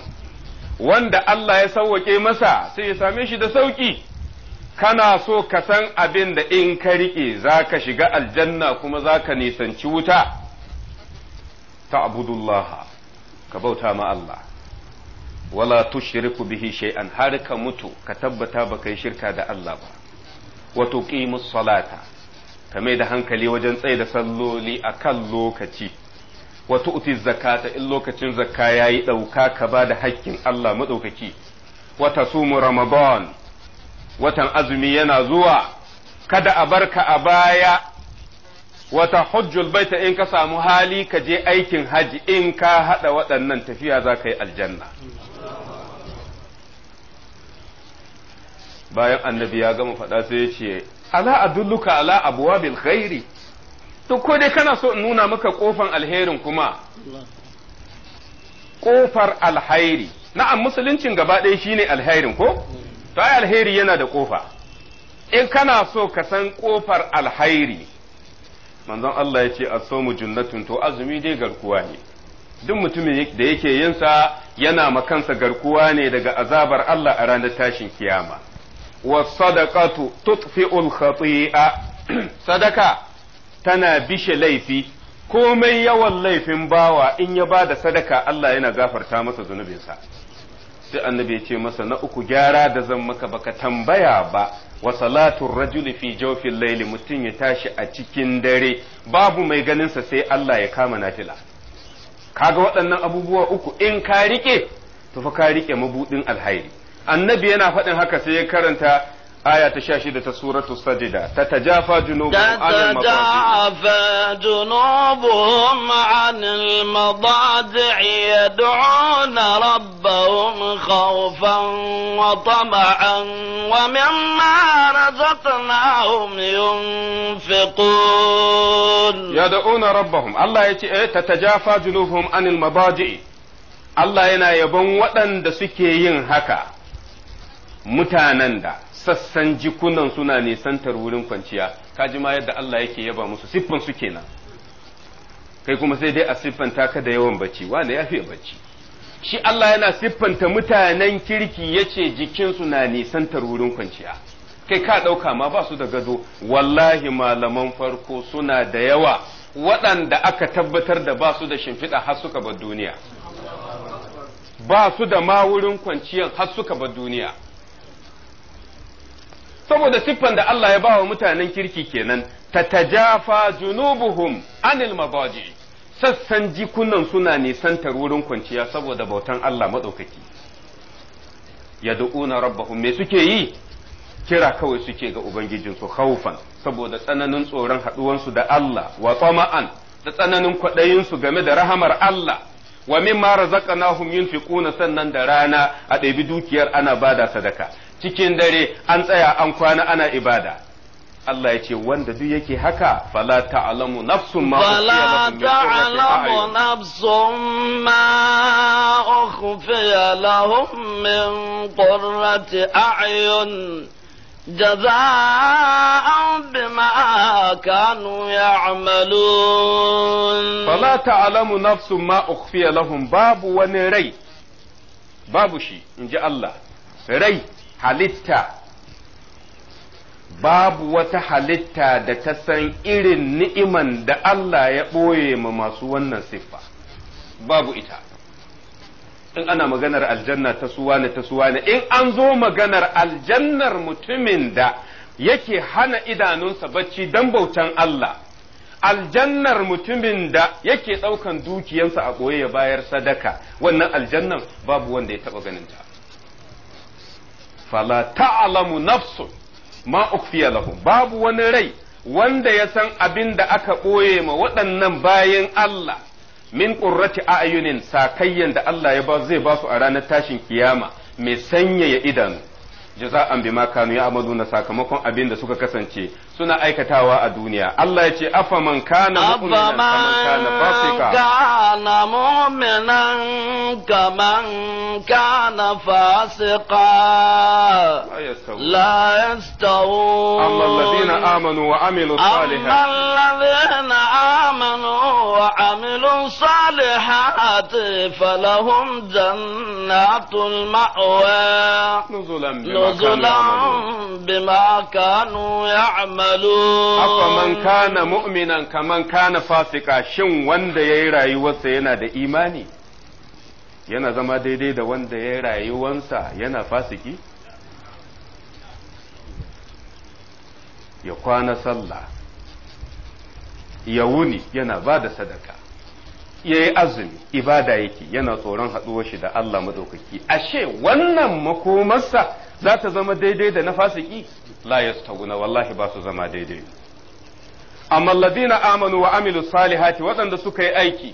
[SPEAKER 1] wanda Allah ya sauwake masa sai ya same shi da sauki kana so ka san abin da in ka rike zaka shiga aljanna kuma za ka nisanci wuta ta abudullaha ka bauta ma Allah wala tushriku bihi shay'an har ka mutu ka tabbata baka yi shirka da Allah ba wa tuqimus salata ka mai da hankali wajen tsaye da salloli a kan lokaci wa tu'ti zakata in lokacin zakka yayi dauka ka ba da hakkin Allah madaukaki wa tasumu ramadan watan azumi yana zuwa kada a barka a baya wata hujjul baita in ka samu hali ka je aikin haji in ka haɗa waɗannan tafiya za ka yi aljanna bayan annabi ya gama faɗa sai ya ce ala adulluka ala abuwa bil khairi to ko dai kana so in nuna maka kofan alherin kuma kofar alhairi na'am musuluncin gaba ɗaya shine alherin ko to ai alheri yana da kofa in kana so ka san kofar alhairi manzon Allah ya ce as-sawmu junnatun to azumi dai garkuwa ne duk mutumin da yake yin sa yana ma kansa garkuwa ne daga azabar Allah a ranar tashin kiyama was-sadaqatu tutfi'ul khati'a (clears throat) sadaka tana bishe laifi komai yawan laifin bawa in ya bada sadaka Allah yana gafarta masa zunubinsa sai annabi ya ce masa na uku gyara da zan maka baka tambaya ba wa salatul rajuli fi jawfil layli mutum ya tashi a cikin dare babu mai ganin sa sai Allah ya kama nafila kaga waɗannan abubuwa uku in ka rike to fa ka rike mabudin alhairi annabi yana faɗin haka sai ya karanta آية تشاشدة سورة السجدة تتجافى جنوبهم عن المضاجع
[SPEAKER 2] تتجافى جنوبهم عن المضاجع يدعون ربهم خوفا وطمعا ومما رزقناهم ينفقون
[SPEAKER 1] يدعون ربهم الله يتي إيه؟ تتجافى جنوبهم عن المضاجع الله ينا يبون ودن سكي هكا متانندا sassan jikunan suna nisantar wurin kwanciya Ka ji ma yadda Allah yake yaba musu siffan su kenan kai kuma sai dai a siffanta ka da yawan bacci wanda ya fiye bacci shi Allah yana siffanta mutanen kirki yace jikinsu na nisantar wurin kwanciya kai ka ɗauka ma ba su da gado wallahi malaman farko suna da yawa waɗanda aka tabbatar da ba su da shimfiɗa har suka bar duniya ba su da ma wurin kwanciyan har suka bar duniya saboda siffan da Allah ya ba wa mutanen kirki kenan ta tatajafa junubuhum anil madaji sassan jikunan suna nisantar wurin kwanciya saboda bautan Allah madaukaki dauna rabbahum me suke yi kira kawai suke ga ubangijinsu haufan saboda tsananin tsoron haɗuwansu da Allah wa tsama'an da tsananin kwaɗayinsu game da rahamar Allah wa mimma razaqnahum yunfiquna sannan da rana a ɗebi dukiyar ana bada sadaka cikin dare an tsaya an kwana ana ibada Allah ya ce wanda duk yake haka fala ta'lamu nafsun ma fala ta'lamu
[SPEAKER 2] nafsun ma ukhfiya lahum min qurrati a'yun جزاء بما كانوا يعملون فلا تعلم
[SPEAKER 1] نفس ما أخفي لهم باب ونري باب شي إن جاء Allah rai halitta babu wata halitta da ta san irin ni'iman da Allah ya ɓoye ma masu wannan siffa babu ita in ana maganar aljanna ta suwa ne ta suwa ne in an zo maganar aljannar mutumin da yake hana idanunsa bacci don bautan Allah aljannar mutumin da yake ɗaukan dukiyansa a ɓoye ya bayar sadaka wannan aljannan babu wanda ya taɓa ganin ta. fala ta'lamu nafsu ma ukfiya lahum babu wani rai wanda ya san abin da aka ɓoye ma waɗannan bayan Allah min qurrati a'yunin sakayyan da Allah ya ba zai ba su a ranar tashin kiyama mai sanyaya idanu jaza'an ma kanu ya'maluna sakamakon abin da suka kasance suna aikatawa a duniya Allah ya ce afa man kana mu'minan
[SPEAKER 2] kana mu'minan kaman kana fasiqa la yastawu amma alladhina amanu
[SPEAKER 1] wa amilu salihat
[SPEAKER 2] amma alladhina amanu wa amilu salihat falahum jannatul ma'wa nuzulan bima نزلا بما كانوا يعملون
[SPEAKER 1] أفمن كان مؤمنا كمن كان فاسقا شن rayuwarsa yana da imani yana zama daidai da wanda ya rayuwansa yana fasiki ya kwana sallah ya wuni yana ba da sadaka ya yi azumi ibada yake yana tsoron haɗuwar shi da Allah maɗaukaki ashe wannan makomarsa za ta zama daidai da na fasiki la taguna wallahi ba su zama daidai amma ladina amanu wa amilu salihati waɗanda suka yi aiki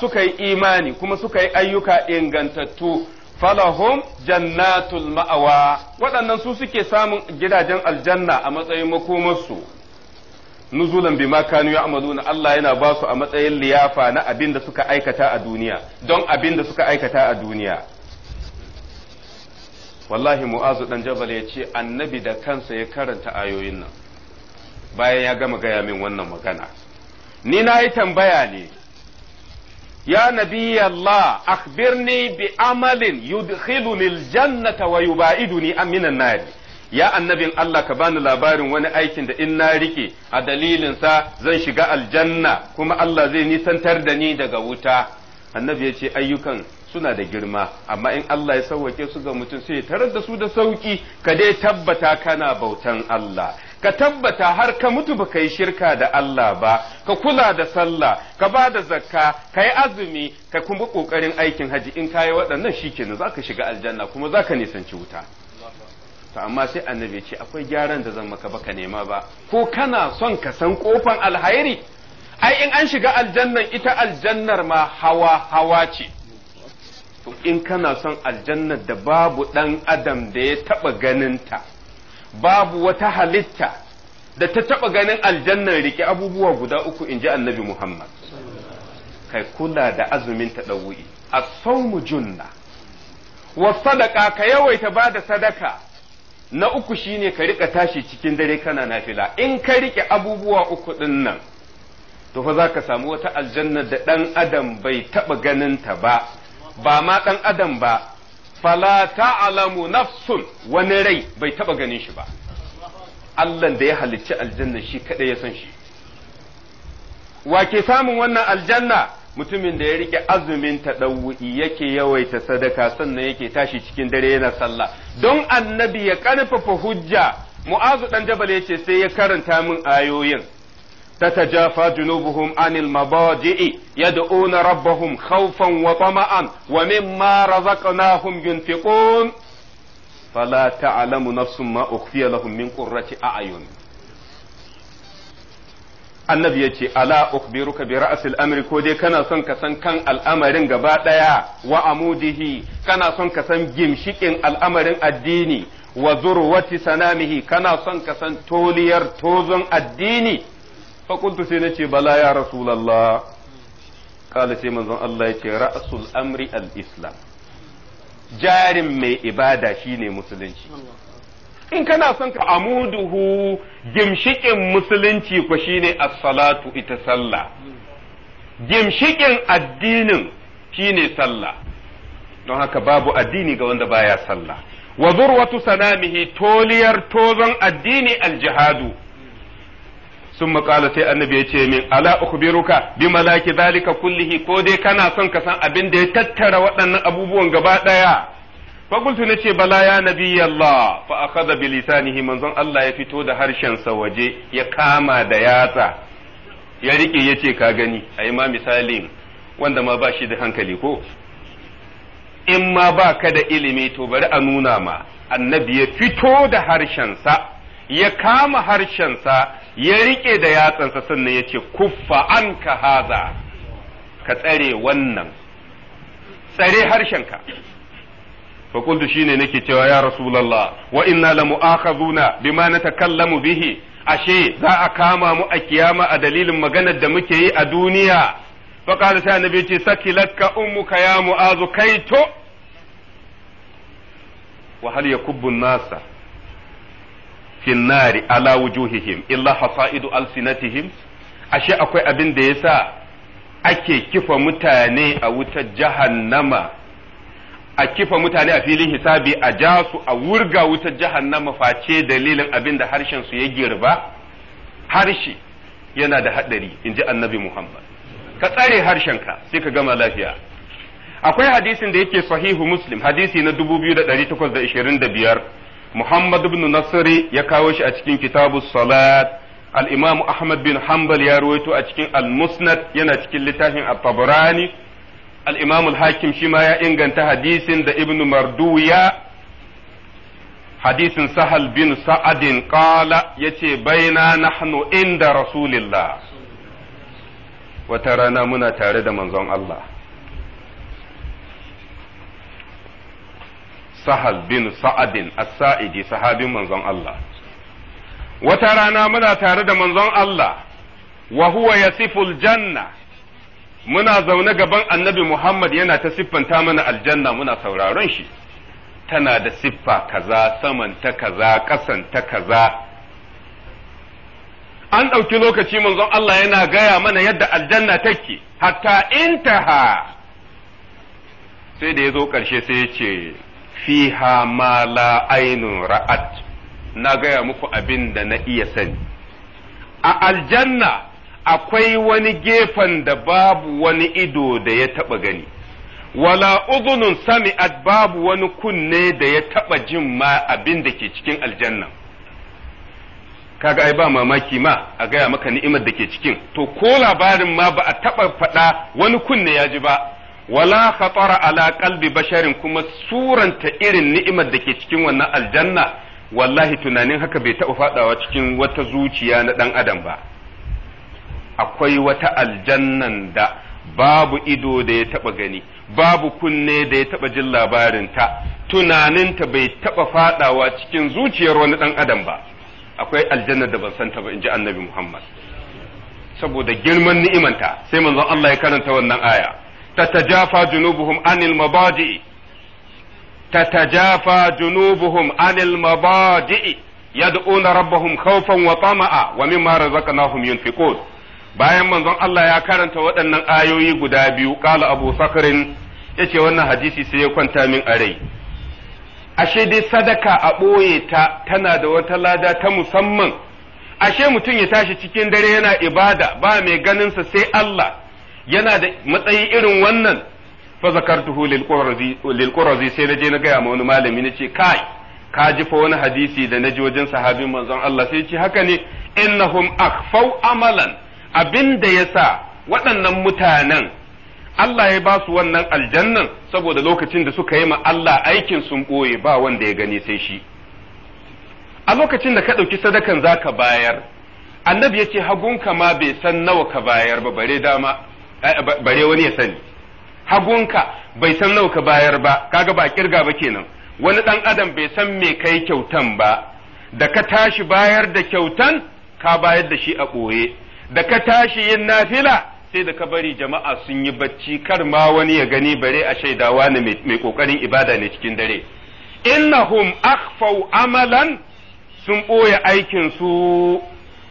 [SPEAKER 1] suka yi imani kuma suka yi ayyuka ingantattu falahum jannatul ma'awa waɗannan su suke samun gidajen aljanna a matsayin makomarsu nuzulan bima kanu ya'maluna Allah yana ba su a matsayin liyafa na abin da suka aikata a duniya don abin da suka aikata a duniya wallahi mu'azu dan jabal ya ce annabi da kansa ya karanta ayoyin nan bayan ya gama gaya min wannan magana ni na yi tambaya ne ya nabi Allah akhbirni bi amalin yudkhiluni aljannata wa yubaiduni aminan nari ya annabin Allah ka bani labarin wani aikin da in na rike a dalilinsa zan shiga aljanna kuma Allah zai nisantar da ni daga wuta annabi ya ce ayyukan suna da girma amma in Allah ya sauwake su ga mutum sai tarar da su da sauki ka dai tabbata kana bautan Allah ka tabbata har ka mutu ba ka yi shirka da Allah ba ka kula da sallah ka ba da zakka ka yi azumi ka kuma kokarin aikin haji in ka yi waɗannan shikenan zaka shiga aljanna kuma za ka nisanci wuta to amma sai annabi ce akwai gyaran da zan maka baka nema ba ko kana son ka san kofan alhairi ai in an shiga aljannan ita aljannar ma hawa hawa ce to in kana son aljannar da babu dan adam da ya taba ta babu wata halitta da ta taba ganin aljannar rike abubuwa guda uku in ji annabi Muhammad kai kula da azumin ta ɗawu'i as-sawmu junna wa sadaka ka yawaita ba da sadaka na uku shine ka rika tashi cikin dare kana nafila in ka rike abubuwa uku din nan to fa za ka samu wata aljanna da ɗan adam bai taɓa ganin ta ba ba ma ɗan adam ba fala ta'lamu nafsun wani rai bai taɓa ganin shi ba Allah da ya halicci aljanna shi kaɗai ya san shi wa ke samun wannan aljanna mutumin da ya rike azumin taɗawu'i yake yawaita sadaka sannan yake tashi cikin dare yana sallah don annabi ya ƙarfafa hujja mu'azu ɗan jabal yace ce sai ya karanta min ayoyin ta ta jafa junubuhum anil mabaji'i ya da'una rabbahum khawfan wa tama'an wa mimma razaqnahum yunfiqun fala ta'lamu nafsun ma ukhfiya lahum min qurrati a'yun annabi ya ce ala ukhbiruka bi ra'sil amri ko dai kana son ka san kan al'amarin gaba daya wa amudihi kana son ka san gimshikin al'amarin addini wa zurwati sanamihi kana son ka san toliyar tozon addini fa kuntu sai nace bala ya rasulullah kala sai manzon Allah ya ce ra'sul amri al-islam jarin mai ibada shine musulunci in kana son ka amuduhu gimshikin musulunci ku shine as-salatu ita sallah gimshikin addinin shine sallah don haka babu addini ga wanda baya sallah wa zurwatu sanamihi toliyar tozon addini aljihadu sun makala sai annabi ya ce min ala ukhbiruka bi malaki zalika kullihi ko dai kana son ka san abin da ya tattara waɗannan abubuwan gaba ɗaya fagultu na ce bala ya nabi Allah fa akhadha bi lisanihi zan Allah ya fito da harshen sa waje ya kama da yatsa ya rike ya ce ka gani ai ma misalin wanda ma ba shi da hankali ko in ma ba ka da ilimi to bari a nuna ma annabi ya fito da harshen sa ya kama harshen sa ya rike da yatsansa sannan ya ce kuffa anka haza ka tsare wannan tsare harshen ka. fa qultu shine nake cewa ya rasulullah wa inna la mu'akhazuna bima natakallamu bihi ashe za a kama mu akiyama a dalilin maganar da muke yi a duniya fa qala sai annabi ce sakilatka ummuka ya mu'azu kaito wa hal yakubbu nasa fi nari ala wujuhihim illa hasaidu alsinatihim ashe akwai abin da yasa ake kifa mutane a wutar jahannama a kifa mutane a filin hisabi a ja su a wurga wutar jahannama face dalilin abin da harshen su ya girba harshe yana da haɗari in ji annabi Muhammad ka tsare harshenka sai ka gama lafiya akwai hadisin da yake sahihu muslim hadisi na 2825 Muhammad ibn Nasiri ya kawo shi a cikin kitabu salat al-Imam Ahmad bin Hanbal ya rawaito a cikin al-Musnad yana cikin littafin at-Tabarani Al'imamul hakim shi ma ya inganta hadisin da Ibnu marduya hadisin sahal bin sa'adin qala yace baina nahnu inda rasulillah wata rana muna tare da manzon Allah sahal bin sa'adin as-sa'idi sahabin manzon Allah wata rana muna tare da manzon Allah wa huwa yasiful janna muna zaune gaban annabi Muhammad yana ta siffanta mana aljanna muna sauraron shi tana da siffa kaza saman ta kaza ƙasan ta kaza an ɗauki lokaci manzon Allah yana gaya mana yadda aljanna take hatta intaha sai da ya zo ƙarshe sai ya ce fiha ma la ainun ra'at na gaya muku abin da na iya sani a aljanna akwai wani gefen da babu wani ido da ya taɓa gani wala uzunun sami'at babu wani kunne da ya taɓa jin ma abin da ke cikin aljanna kaga ai ba mamaki ma a gaya maka ni'imar da ke cikin to ko labarin ma ba a taɓa faɗa wani kunne ya ji ba wala khatara ala qalbi basharin kuma suranta irin ni'imar da ke cikin wannan aljanna wallahi tunanin haka bai taɓa faɗawa cikin wata zuciya na ɗan adam ba akwai wata aljannan da babu ido da ya taba gani babu kunne da ya taba jin labarinta tunaninta bai taba fadawa cikin zuciyar wani dan adam ba akwai aljannar da ban san ta ba inji annabi Muhammad saboda girman ni'imanta sai manzon Allah ya karanta wannan aya tatajafa junubuhum anil mabadi tatajafa junubuhum anil mabadi yad'una rabbahum khawfan wa tama'a wa mimma razaqnahum yunfiqun bayan manzon Allah ya karanta waɗannan ayoyi guda biyu kala abu sakarin ya ce wannan hadisi sai ya kwanta min a rai ashe dai sadaka a ɓoye ta tana da wata lada ta musamman ashe mutum ya tashi cikin dare yana ibada ba mai ganinsa sai Allah yana da matsayi irin wannan fa zakartuhu lil qurazi sai na je na gaya ma wani malami na ce kai ka ji fa wani hadisi da na ji wajen sahabin manzon Allah sai ce haka ne innahum akhfau amalan abin da ya sa waɗannan mutanen Allah ya ba su wannan aljannan saboda lokacin da suka yi ma Allah aikin sun ɓoye ba wanda ya gani sai shi a lokacin da ka ɗauki sadakan za ka bayar annabi ya ce hagunka ma bai san nawa ka bayar ba bare dama eh, bare wani ya sani hagunka bai san nawa ka bayar ba kaga ba kirga ba kenan wani ɗan adam bai san me kai kyautan ba da ka tashi bayar da kyautan ka bayar da shi a ɓoye da ka tashi yin nafila sai da ka bari jama'a sun yi bacci kar ma wani ya gani bare a shaidawa ne mai kokarin ibada ne cikin dare innahum akhfau amalan sun ɓoye aikin su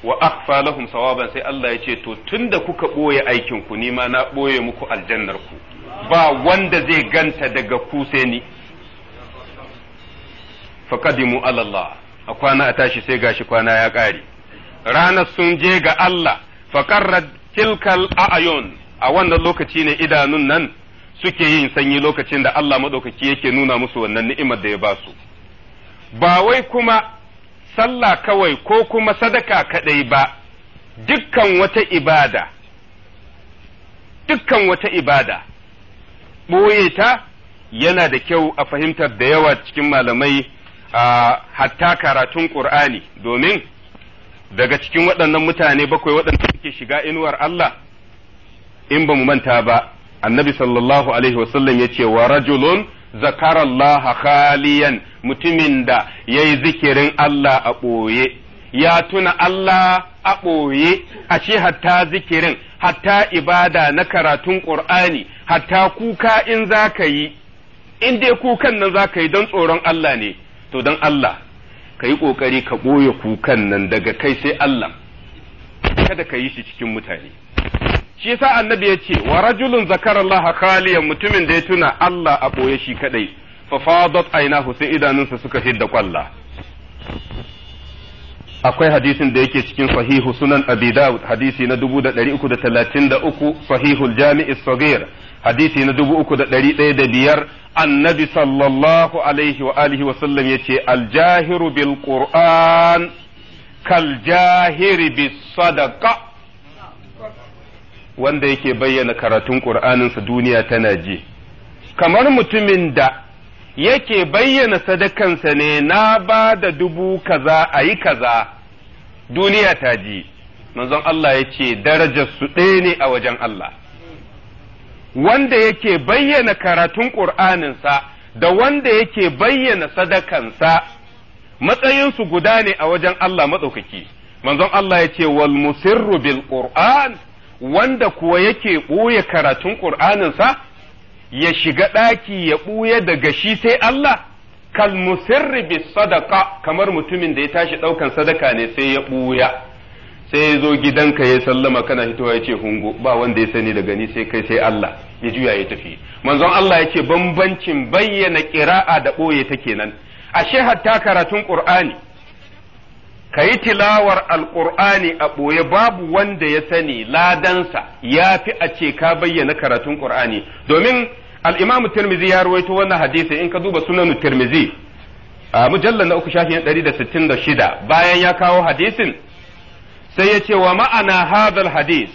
[SPEAKER 1] wa akhfa lahum sawaban sai Allah ya ce to tunda kuka ɓoye aikin ku ni ma na ɓoye muku aljannar ku ba wanda zai ganta daga ku sai ni faqadimu ala Allah a kwana a tashi sai gashi kwana ya kare ranar sun je ga Allah faƙarrar tilkal a'ayon a wannan lokaci ne idanun nan suke yin sanyi lokacin da Allah maɗaukaki yake nuna musu wannan ni'imar da ya ba su ba wai kuma sallah kawai ko kuma sadaka kaɗai ba dukkan wata ibada dukkan wata ibada ɓoye ta yana da kyau a fahimtar da yawa cikin malamai a hatta karatun ƙur'ani domin daga cikin waɗannan mutane bakwai waɗanda suke shiga inuwar Allah in ba mu manta ba annabi sallallahu alaihi wasallam ya ce wa rajulun zakarallaha khaliyan mutumin da ya yi zikirin Allah a ɓoye ya tuna Allah a ɓoye ce hatta zikirin hatta ibada na karatun ƙur'ani hatta kuka in za yi in dai kukan nan za yi don tsoron Allah ne to don Allah ka yi ƙoƙari ka ɓoye kukan nan daga kai sai Allah kada ka yi shi cikin mutane shi yasa annabi ya ce wa rajulun zakarallaha khaliyan mutumin da ya tuna Allah a ɓoye shi kaɗai fa fadat ainahu sai idanunsa suka hidda kwalla akwai hadisin da yake cikin sahihu sunan abi dawud hadisi na dubu da da da uku talatin uku sahihul jami'is sagir hadisi na dubu uku da ɗari ɗaya da biyar annabi sallallahu alaihi wa alihi ya ce aljahiru bil sadaqa wanda yake bayyana karatun ƙur'aninsa duniya tana ji kamar mutumin da yake bayyana sadakansa ne na ba da dubu kaza a yi kaza duniya ta ji manzon Allah ya ce darajar su ɗaya ne a wajen Allah wanda yake bayyana karatun ƙur'aninsa da wanda yake bayyana sadakansa matsayinsu guda ne a wajen Allah matsaukaki manzon Allah ya ce wal musirru bil qur'an wanda kuwa yake ɓoye karatun ƙur'aninsa ya shiga ɗaki ya ɓuya daga shi sai Allah kal musirri bis sadaka kamar mutumin da ya tashi ɗaukan sadaka ne sai ya ɓuya sai ya zo gidanka ya sallama kana hitowa ya ce hungo ba wanda ya sani daga ni sai kai sai Allah ya juya ya tafi manzon Allah ya ce bambancin bayyana kira'a da ɓoye ta kenan ashe hatta karatun qur'ani ka tilawar alƙur'ani a ɓoye babu wanda ya sani ladansa ya fi a ce ka bayyana karatun ƙur'ani domin al'imamu tirmizi ya ruwaito wannan hadisi in ka duba sunan tirmizi a mujallar na uku shafin 166 bayan ya kawo hadisin sai ya ce wa ma'ana hadal hadis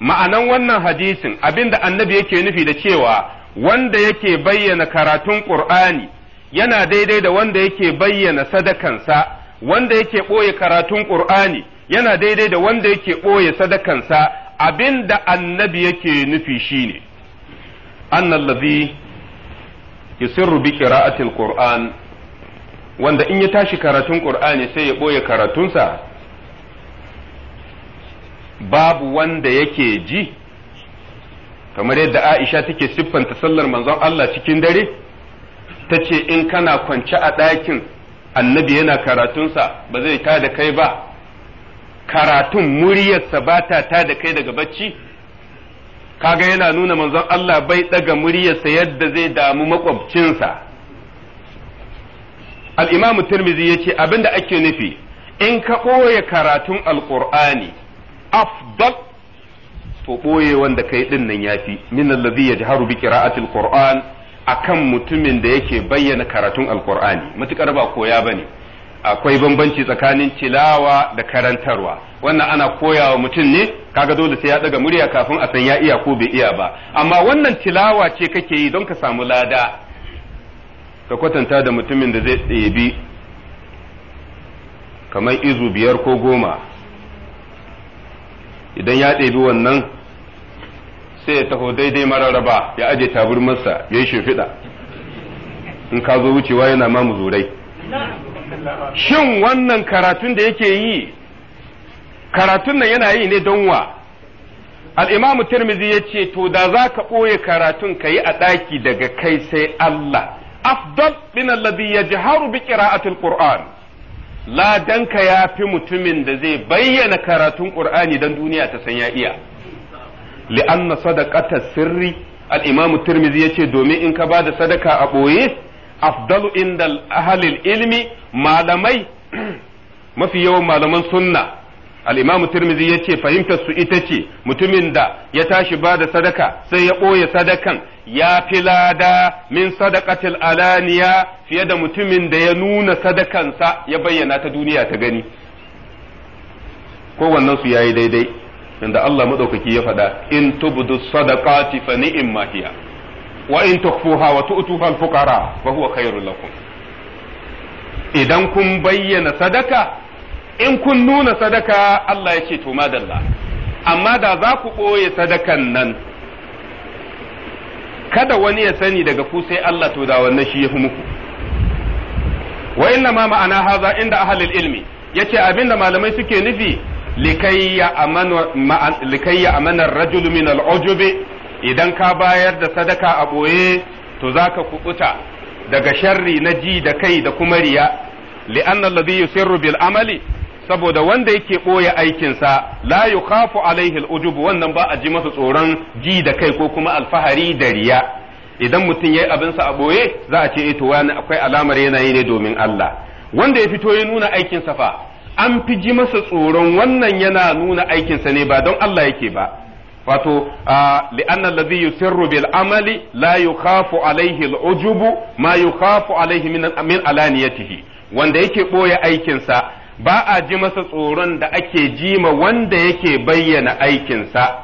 [SPEAKER 1] ma'anan wannan hadisin abinda annabi yake nufi da cewa wanda yake bayyana karatun qur'ani yana daidai da wanda yake bayyana sadakansa wanda yake ɓoye karatun qur'ani yana daidai da wanda yake ɓoye sadakansa abinda annabi yake nufi shine annallazi yusirru bi qira'atil qur'an wanda in ya tashi karatun qur'ani sai ya ɓoye karatunsa babu wanda yake ji kamar yadda Aisha take siffanta sallar manzon Allah cikin dare ta ce in kana kwance a ɗakin annabi yana karatunsa ba zai ta da kai ba karatun muryarsa ba ta ta da kai daga bacci kaga yana nuna manzon Allah bai ɗaga muryarsa yadda zai damu makwabcinsa al'imamu turmizi ya ce abinda ake nufi in ka ɓoye karatun alƙur'ani afdal to boye wanda kai din nan yafi min allazi yajharu bi qira'atil qur'an akan mutumin da yake bayyana karatun alqur'ani matukar ba koya bane akwai bambanci tsakanin tilawa da karantarwa wannan ana koyawa mutum ne kaga dole sai ya daga murya kafin a san ya iya ko bai iya ba amma wannan tilawa ce kake yi don ka samu lada ka kwatanta da mutumin da zai ɗebi kamar izu biyar ko goma idan ya ɗebi wannan sai ya taho daidai mararaba ya aje taburmarsa ya yi shimfiɗa in ka zo wucewa yana ma zurai. shin wannan karatun da yake yi karatun nan yana yi ne don wa al'imamu tirmizi ya ce to da za ka ɓoye karatun ka yi a ɗaki daga kai sai Allah afdal min alladhi haru bi ƙira'atul qur'an ladanka ya fi mutumin da zai bayyana karatun ƙur'ani don duniya ta san ya iya li'anna sadaqata sirri al-imamu tirmizi ce domin in ka bada sadaka a boye afdalu inda ahlil ilmi malamai (clears throat) mafi yawan malaman sunna al-imamu tirmidhi yace fahimtar su ita ce mutumin da ya tashi ba da sadaka sai ya ɓoye sadakan ya fi lada min sadaqatil alaniya fiye da mutumin da ya nuna sadakansa ya bayyana ta duniya ta gani wannan su yayi daidai inda Allah madaukaki ya faɗa in tubdu sadaqati fa ni'imma hiya wa in tukhfuha wa tu'tuha al-fuqara fa huwa khairul lakum idan kun bayyana sadaka in kun nuna sadaka Allah ya ce to madalla amma da za ku ɓoye sadakan nan kada wani ya sani daga ku sai Allah to da wannan shi ya fi muku wa inna ma ma'ana haza inda ahlul ilmi yace abinda malamai suke nufi likai ya amana rajul min al'ujubi idan ka bayar da sadaka a ɓoye to zaka ka kuɓuta daga sharri na ji da kai da kuma riya li'anna alladhi yusirru bil amali saboda wanda yake ɓoye aikinsa la yukafu alaihi al'ujub wannan ba a ji masa tsoron ji da kai ko kuma alfahari da riya idan mutum ya yi abinsa a ɓoye za a ce eh, to wani akwai alamar yana yi ne domin Allah wanda ya fito ya nuna aikinsa fa an fi ji masa tsoron wannan yana nuna aikinsa ne ba don Allah yake ba wato li'anna alladhi yusirru bil amali la yukhafu alaihi al'ujubu ma yukhafu alaihi min alaniyatihi wanda yake ɓoye aikinsa ba a ji masa tsoron da ake ji ma wanda yake bayyana aikinsa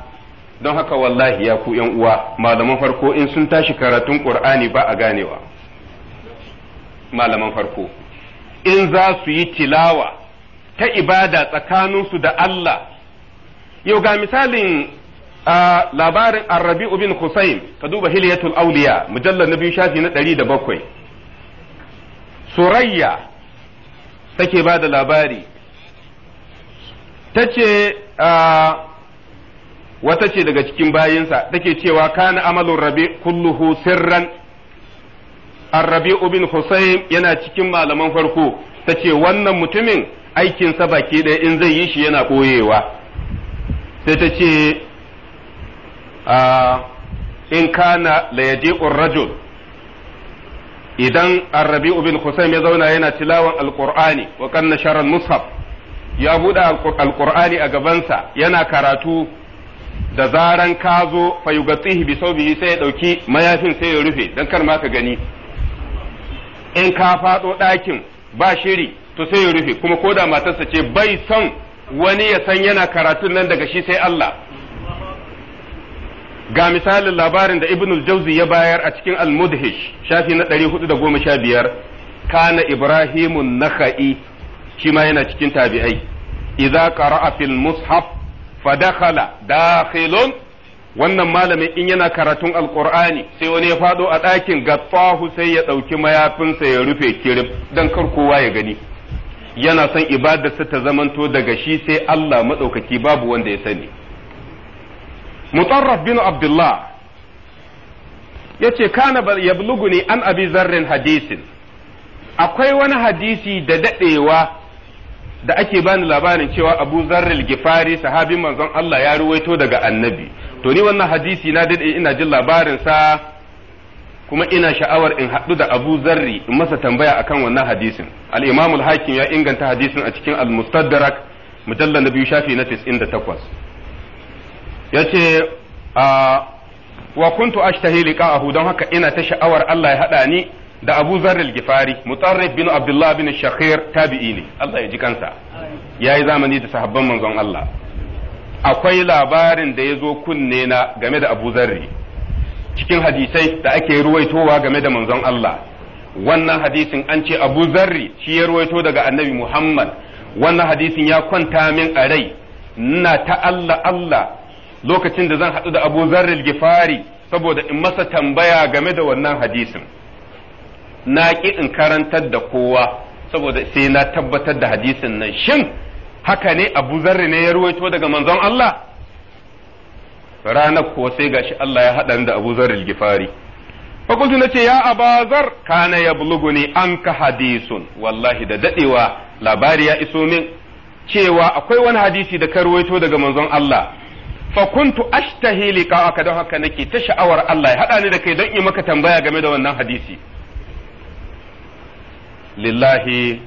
[SPEAKER 1] don haka wallahi ya ku yan uwa malaman farko in sun tashi karatun qur'ani ba a ganewa malaman farko in za su yi tilawa ta ibada tsakaninsu da Allah yau ga misalin a labarin arabi bin Husayn ka duba hilyatul auliya mujallar na biyu shafi na 107 da surayya take ba da labari ta ce ah, wata ce daga cikin bayinsa take cewa kana amalin rabi kulluhu sirran rabi ubin husayn yana cikin malaman farko ta ce wannan mutumin aikinsa baki ɗaya in zai yi shi yana ɓoyewa sai ta ce ah, in kana layaje rajul idan arrabi bin husayn ya zauna yana tilawan alqur'ani wa kanna sharan mushaf ya bude alqur'ani a gabansa yana karatu da zaran ka zo fa yugatihi bi sai ya dauki mayafin sai ya rufe dan kar ma ka gani in ka fado ɗakin ba shiri to sai ya rufe kuma koda matarsa ce bai son wani ya san yana karatun nan daga shi sai Allah ga misalin labarin da ibnul jauzi ya bayar a cikin al-mudhish shafi na 415 kana ibrahimun nakha'i shi ma yana cikin tabi'ai idza qara'a fil mushaf fa dakhala dakhilun wannan malamin in yana karatun alqur'ani sai wani ya fado a ɗakin gattahu sai ya ɗauki mayafinsa ya rufe kirif dan kar kowa ya gani yana son ibadarsa ta zamanto daga shi sai Allah madaukaki babu wanda ya sani mutarraf bin abdullah yace kana yabluguni an abi zarrin hadisin akwai wani hadisi da dadewa da ake bani labarin cewa abu zarril gifari sahabin manzon Allah ya ruwaito daga annabi to ni wannan hadisi na dade ina jin labarin sa kuma ina sha'awar in haɗu da abu zarri in masa tambaya akan wannan hadisin al-imamul hakim ya inganta hadisin a cikin al-mustadrak mujallal na biyu shafi na 98 Ya ce wa kuntu ashtahi liqa'ahu don haka ina ta sha'awar Allah ya hada ni da Abu Zarr al-Gifari Mutarrif bin Abdullah bin Shakhir tabi'i ne Allah ya ji kansa yayi zamani da sahabban manzon Allah akwai labarin da ya zo kunne na game da Abu Zarr cikin hadisai da ake ruwaitowa game da manzon Allah wannan hadisin an ce Abu Zarr shi ya ruwaito daga Annabi Muhammad wannan hadisin ya kwanta min a rai na ta Allah Allah lokacin da zan haɗu da Abu Zarril Gifari saboda in masa tambaya game da wannan hadisin na ƙi in karantar da kowa saboda sai na tabbatar da hadisin nan shin haka ne Abu Zarri ne ya ruwaito daga manzon Allah ranar kuwa sai gashi Allah ya haɗa da Abu Zarril Gifari fakultu na ce ya abazar kana ya buluguni an ka hadisun wallahi da dadewa labari ya iso min cewa akwai wani hadisi da ka ruwaito daga manzon Allah fa kuntu ashtahi liqa'aka don haka nake ta sha'awar Allah ya haɗa ni da kai don yi maka tambaya game da wannan hadisi lillahi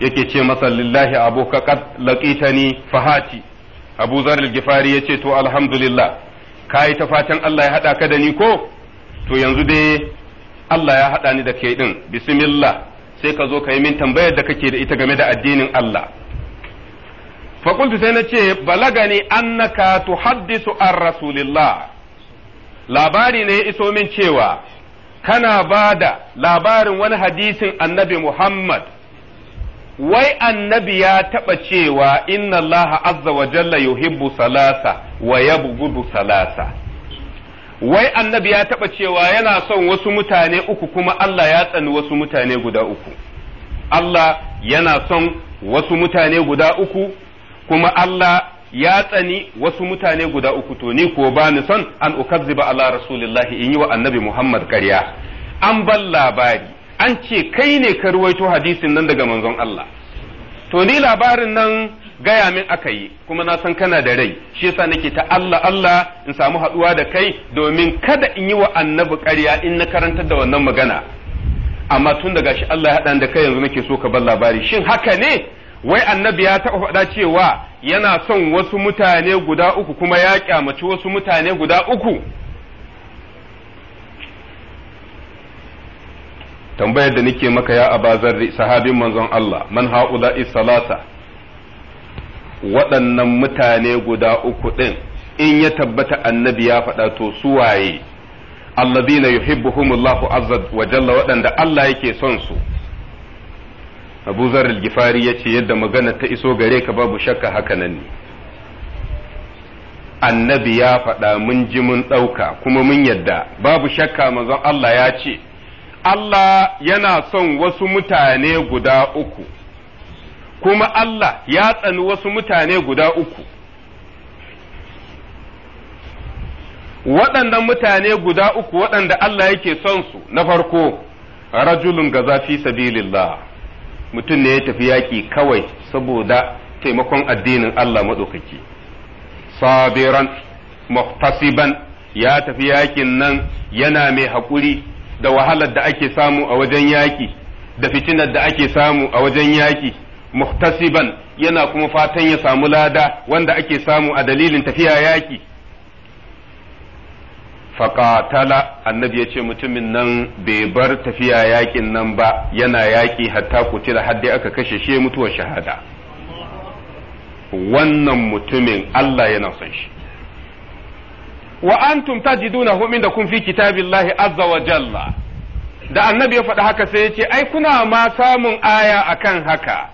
[SPEAKER 1] yake ce masa lillahi abuka qad laqitani fahati Abu Zar al-Ghifari to alhamdulillah kai ta fatan Allah ya hada ka da ni ko to yanzu dai Allah ya haɗa ni da kai din bismillah sai ka zo ka yi min tambayar da kake da ita game da addinin Allah fakultu sai na ce balagani annaka tuhaddisu an rasulillah labari na ya iso min cewa kana ba da labarin wani hadisin annabi Muhammad wai annabi ya taɓa cewa inna Allah azza wa jalla yuhibbu salasa wa yabghudu salasa wai annabi ya taɓa cewa yana son wasu mutane uku kuma Allah ya tsani wasu mutane guda uku Allah yana son wasu mutane guda uku kuma Allah ya tsani wasu mutane guda uku to ni ko bani son an ukazziba ala rasulillahi in yi wa annabi Muhammad ƙarya an ban labari an ce kai ne ka ruwaito hadisin nan daga manzon Allah to ni labarin nan gaya min aka yi kuma na san kana da rai shi yasa nake ta Allah Allah in samu haɗuwa da kai domin kada in yi wa annabi ƙarya in na karantar da wannan magana amma tun daga shi Allah ya haɗa da kai yanzu nake so ka ban labari shin haka ne wai annabi ya taɓa faɗa cewa yana son wasu mutane guda uku kuma ya kyamaci wasu mutane guda uku tambayar da nake maka ya abazarri sahabin manzon Allah man haula salasa waɗannan mutane guda uku ɗin in ya tabbata annabi ya faɗa to su waye allazina yuhibbuhumullahu azza wa jalla waɗanda Allah yake son su abu zarar gifari ya ce yadda magana ta iso gare ka babu shakka nan ne annabi ya faɗa mun ji mun ɗauka kuma mun yadda babu shakka manzon Allah ya ce Allah yana son wasu mutane guda uku kuma Allah ya tsani wasu mutane guda uku waɗannan mutane guda uku waɗanda Allah yake son su na farko rajulun gaza fi sabilillah mutum ne ya tafi yaƙi kawai saboda taimakon addinin Allah maɗaukaki sabiran muhtasiban ya tafi yaƙin nan yana mai haƙuri da wahalar da ake samu a wajen yaƙi da fitinar da ake samu a wajen yaƙi muhtasiban yana kuma fatan ya samu lada wanda ake samu a dalilin tafiya yaƙi faƙatala annabi ya ce mutumin nan bai bar tafiya yaƙin nan ba yana yaƙi hatta kutila har dai aka kashe shi mutuwar shahada wannan mutumin Allah yana son shi wa antum tajiduna da kun fi kitabillahi azza wa jalla da annabi ya faɗi haka sai yace ce ai kuna ma samun aya akan haka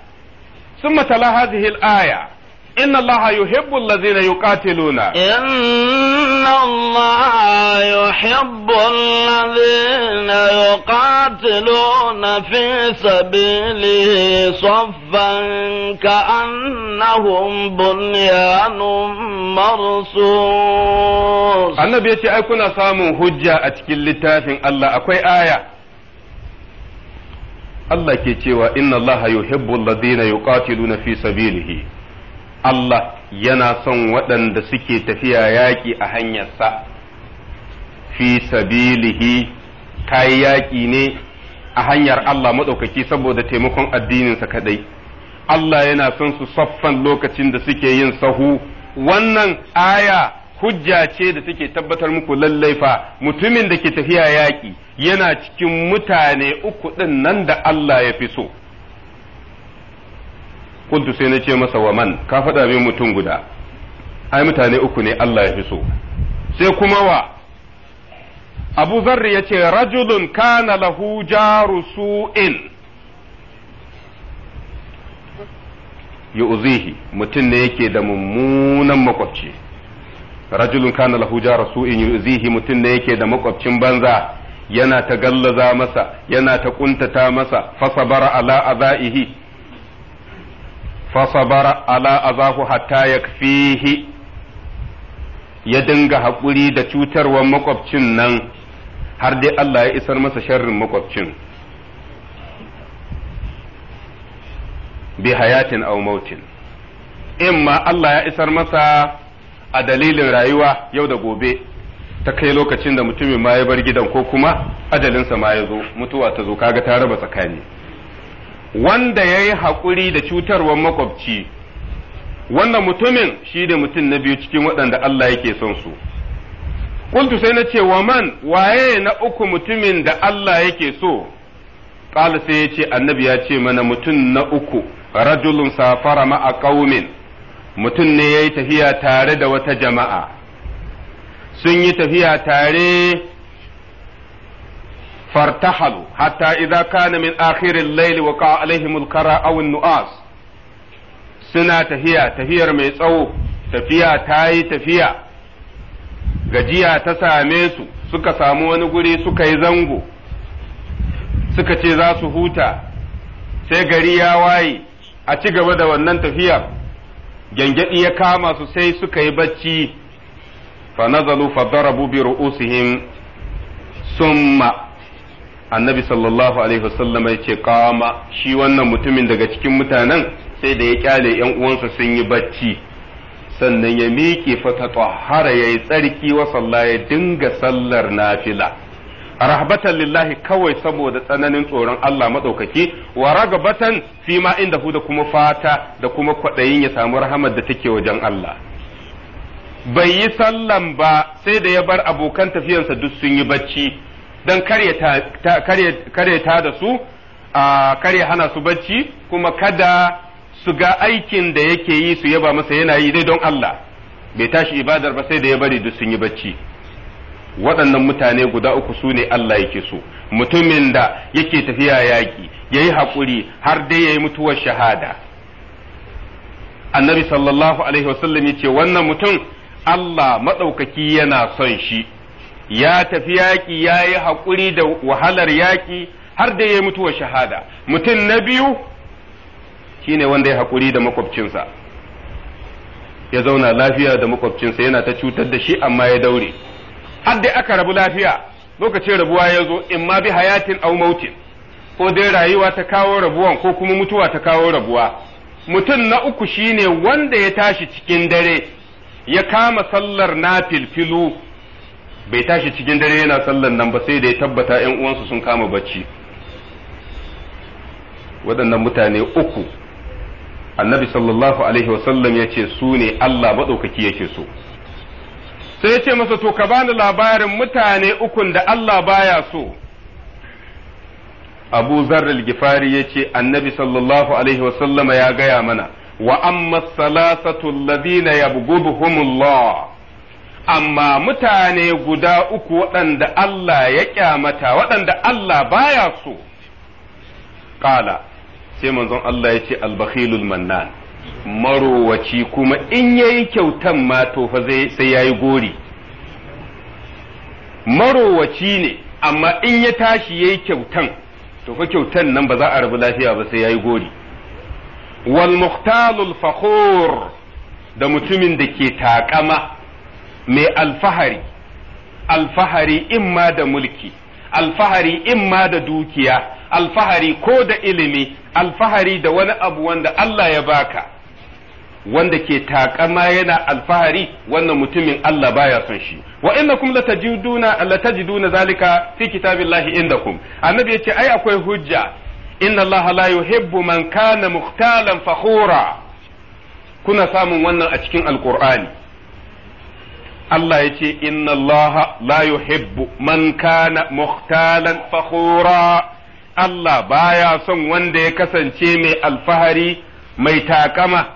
[SPEAKER 1] summa tala hadhihi al-aya inna allaha yuhibbu allazina yuqatiluna
[SPEAKER 2] الله يحب الذين يقاتلون في سبيله صفا كأنهم بنيان مرصوص النبي يتي أي كنا
[SPEAKER 1] سامو هجة أتكل لتافن الله أكوي آية الله كي تيوى إن الله يحب الذين يقاتلون في سبيله Allah yana son waɗanda suke tafiya yaƙi a hanyarsa fi sabilihi ta yi yaƙi ne a hanyar Allah maɗaukaki saboda taimakon addininsa kaɗai Allah yana son su saffan lokacin da suke yin sahu wannan aya hujja ce da take tabbatar muku lallaifa mutumin da ke tafiya yaƙi yana cikin mutane uku ɗin nan da Allah ya fi so. kuntu sai na ce masa wa man ka faɗa min mutum guda ai mutane uku ne Allah ya fi so sai kuma wa Abu Zarri ya ce rajulun kana lahu jaru su'in uzihi mutum ne yake da mummunan makwabci rajulun kana lahu jaru su'in yu'zihi mutum ne yake da makwabcin banza yana ta gallaza masa yana ta kuntata masa fasabara ala azaihi fasabara ala azahu hatta yakfihi ya dinga haƙuri da cutarwar makwabcin nan har dai Allah ya isar masa sharrin makwabcin bi hayatin aw mautin imma Allah ya isar masa a dalilin rayuwa yau da gobe ta kai lokacin da mutumin ma ya bar gidan ko kuma ajalinsa ma ya zo mutuwa ta zo kaga ta raba tsakani wanda ya yi haƙuri da cutarwar makwabci wannan mutumin shi ne mutum na biyu cikin waɗanda Allah yake son su kuntu sai na ce wa man waye na uku mutumin da Allah yake so ƙala sai ya ce annabi ya ce mana mutum na uku rajulun safara ma'a ƙaumin mutum ne ya yi tafiya tare da wata jama'a sun yi tafiya tare فارتحلوا حتى إذا كان من آخر الليل وقع عليهم الكرى أو النؤاس سنة تهيا تهير ميتسو تفيا تاي تفيا gajiya ta same su suka samu wani guri sukayi zango suka ce za su huta sai gari ya waye a ci gaba da wannan tafiyar gyangyaɗi ya kama su sai suka yi bacci fa nazalu fa darabu bi ru'usihim summa annabi sallallahu alaihi wasallam ya ce kama shi wannan mutumin daga cikin mutanen sai da ya kyale yan uwansa sun yi bacci sannan ya miƙe fata ya yayi tsarki wa sallah ya dinga sallar nafila rahbatan lillahi kawai saboda tsananin tsoron Allah madaukaki wa ragabatan fi ma inda da kuma fata da kuma kwadayin ya samu rahamar da take wajen Allah bai yi sallan ba sai da ya bar abokan tafiyansa duk sun yi bacci don kare ta da su a kare hana su bacci kuma kada su ga aikin da yake yi su yaba masa yana yi dai don Allah bai tashi ibadar ba sai da ya bari duk sun yi bacci waɗannan mutane guda uku su ne Allah yake so mutumin da yake tafiya yaƙi ya yi haƙuri har dai ya yi mutuwar shahada annabi sallallahu alaihi wasallam ya ce wannan mutum Allah maɗaukaki yana son shi ya tafi yaƙi ya yi haƙuri da wahalar yaƙi har da ya mutuwa shahada mutum na biyu shine wanda ya haƙuri da makwabcinsa ya zauna lafiya da makwabcinsa yana ta cutar da shi amma ya daure har dai aka rabu lafiya lokacin rabuwa ya zo in ma bi hayatin au mautin ko dai rayuwa ta kawo rabuwan ko kuma mutuwa ta kawo rabuwa mutum na uku shine wanda ya tashi cikin dare ya kama sallar na filfilu bai tashi cikin dare yana sallan nan ba sai da ya tabbata ‘yan uwansu sun kama bacci waɗannan mutane uku annabi sallallahu alaihi wasallam ya ce su ne Allah maɗaukaki yake so sai ya ce masa to ka bani labarin mutane ukun da Allah baya so abu zarril gifari ya ce annabi sallallahu alaihi wasallama ya gaya mana wa amma salasatu alladhina yabghuduhumullah amma mutane guda uku waɗanda Allah ya kyamata waɗanda Allah baya so ƙala sai manzon Allah ya ce albakhilul mannan marowaci kuma in yayi kyautan ma to fa sai yayi gori marowaci ne amma in ya tashi yayi kyautan to fa kyautan nan ba za a rabu lafiya ba sai yayi gori wal muhtalul fakhur da mutumin da ke takama mai alfahari alfahari imma da mulki alfahari imma da dukiya alfahari ko da ilimi alfahari da wani abu wanda Allah ya baka wanda ke takama yana alfahari wannan mutumin Allah baya son shi wa innakum latajiduna latajiduna zalika fi kitabillahi indakum annabi yace ai akwai hujja inna Allah la yuhibbu man kana mukhtalan fakhura kuna samun wannan a cikin alqur'ani Allah ya ce inna Allah la yuhibbu man kana muhtalan fakhura Allah baya son wanda ya kasance mai alfahari mai takama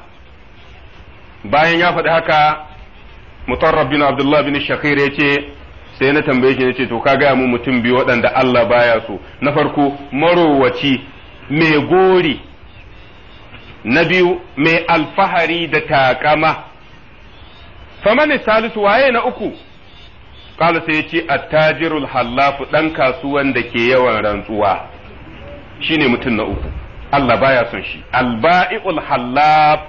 [SPEAKER 1] bayan ya faɗi haka mutarrab bin Abdullah bin Shakir ya ce sai na tambaye shi ya ce to ka gaya mu mutum biyu waɗanda Allah baya so na farko marowaci mai gori na biyu mai alfahari da takama faman salisu waye na uku kala sai yace attajirul hallafu dan kasuwan da ke yawan rantsuwa shine mutum na uku Allah baya son shi alba'iul hallaf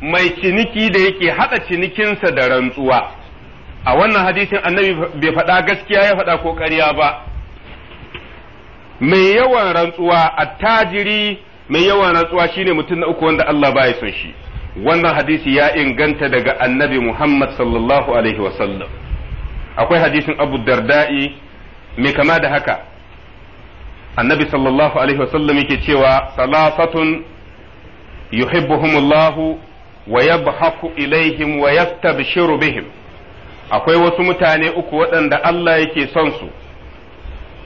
[SPEAKER 1] mai ciniki da yake hada cinikinsa da rantsuwa a wannan hadisin annabi bai faɗa gaskiya ya faɗa ko ƙarya ba mai yawan rantsuwa attajiri mai yawan rantsuwa shine mutum na uku wanda Allah baya son shi wannan hadisi ya inganta daga annabi Muhammad sallallahu alaihi wasallam akwai hadisin Abu Darda'i mai kama da haka annabi sallallahu alaihi wasallam yake cewa salasatun yuhibbuhumullahu wa yabhaku ilaihim wa yastabshiru bihim akwai wasu mutane uku waɗanda Allah yake son su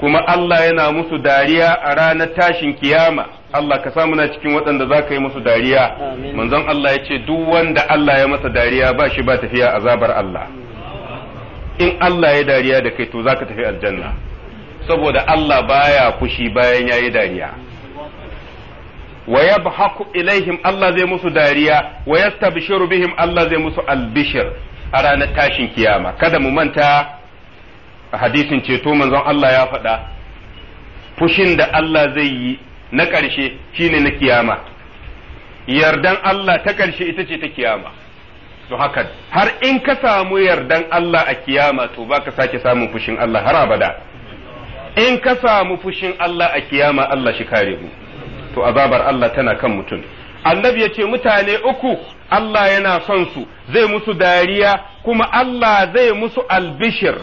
[SPEAKER 1] kuma Allah yana musu dariya a ranar tashin kiyama Allah ka samu na cikin waɗanda za ka yi musu dariya manzon Allah ya ce duk wanda Allah ya masa dariya ba shi ba tafiya azabar Allah in Allah ya dariya da kai to za ka tafi aljanna saboda Allah baya fushi bayan ya yi dariya wa yabhaqu ilaihim Allah zai musu dariya wa yastabshiru bihim Allah zai musu albishir a ranar tashin kiyama kada mu manta a hadisin ceto manzon Allah ya faɗa fushin da Allah zai yi na ƙarshe shine na kiyama yardan Allah ta ƙarshe ita ce ta kiyama to haka har in ka samu yardan Allah a kiyama to ba ka sake samun fushin Allah har abada in ka samu fushin Allah a kiyama Allah shi kare mu to azabar Allah tana kan mutum annabi ya ce mutane uku Allah yana son su zai musu dariya kuma Allah zai musu albishir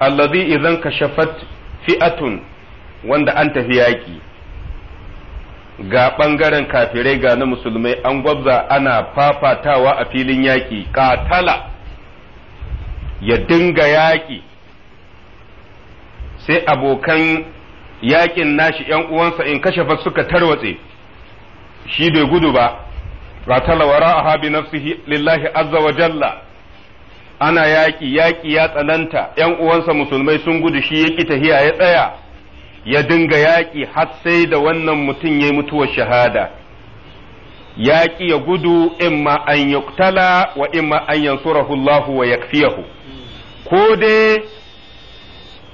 [SPEAKER 1] allazi idan kashafat fi'atun wanda an tafi yaƙi ga ɓangaren kafirai ga na musulmai an gwabza ana fafatawa a filin yaƙi katala ya dinga yaƙi sai abokan yaƙin nashi ‘yan uwansa in kashafa suka tarwatse shi bai gudu ba katala wara a habi nafsihi lillahi azza wa jalla ana yaƙi yaƙi ya tsananta ‘yan uwansa musulmai sun gudu shi ya ƙi tahiya ya tsaya ya dinga yaƙi har sai da wannan mutum ya yi mutuwar shahada yaƙi ya gudu imma an yuqtala wa imma an yansurahu wa yakfiyahu ko dai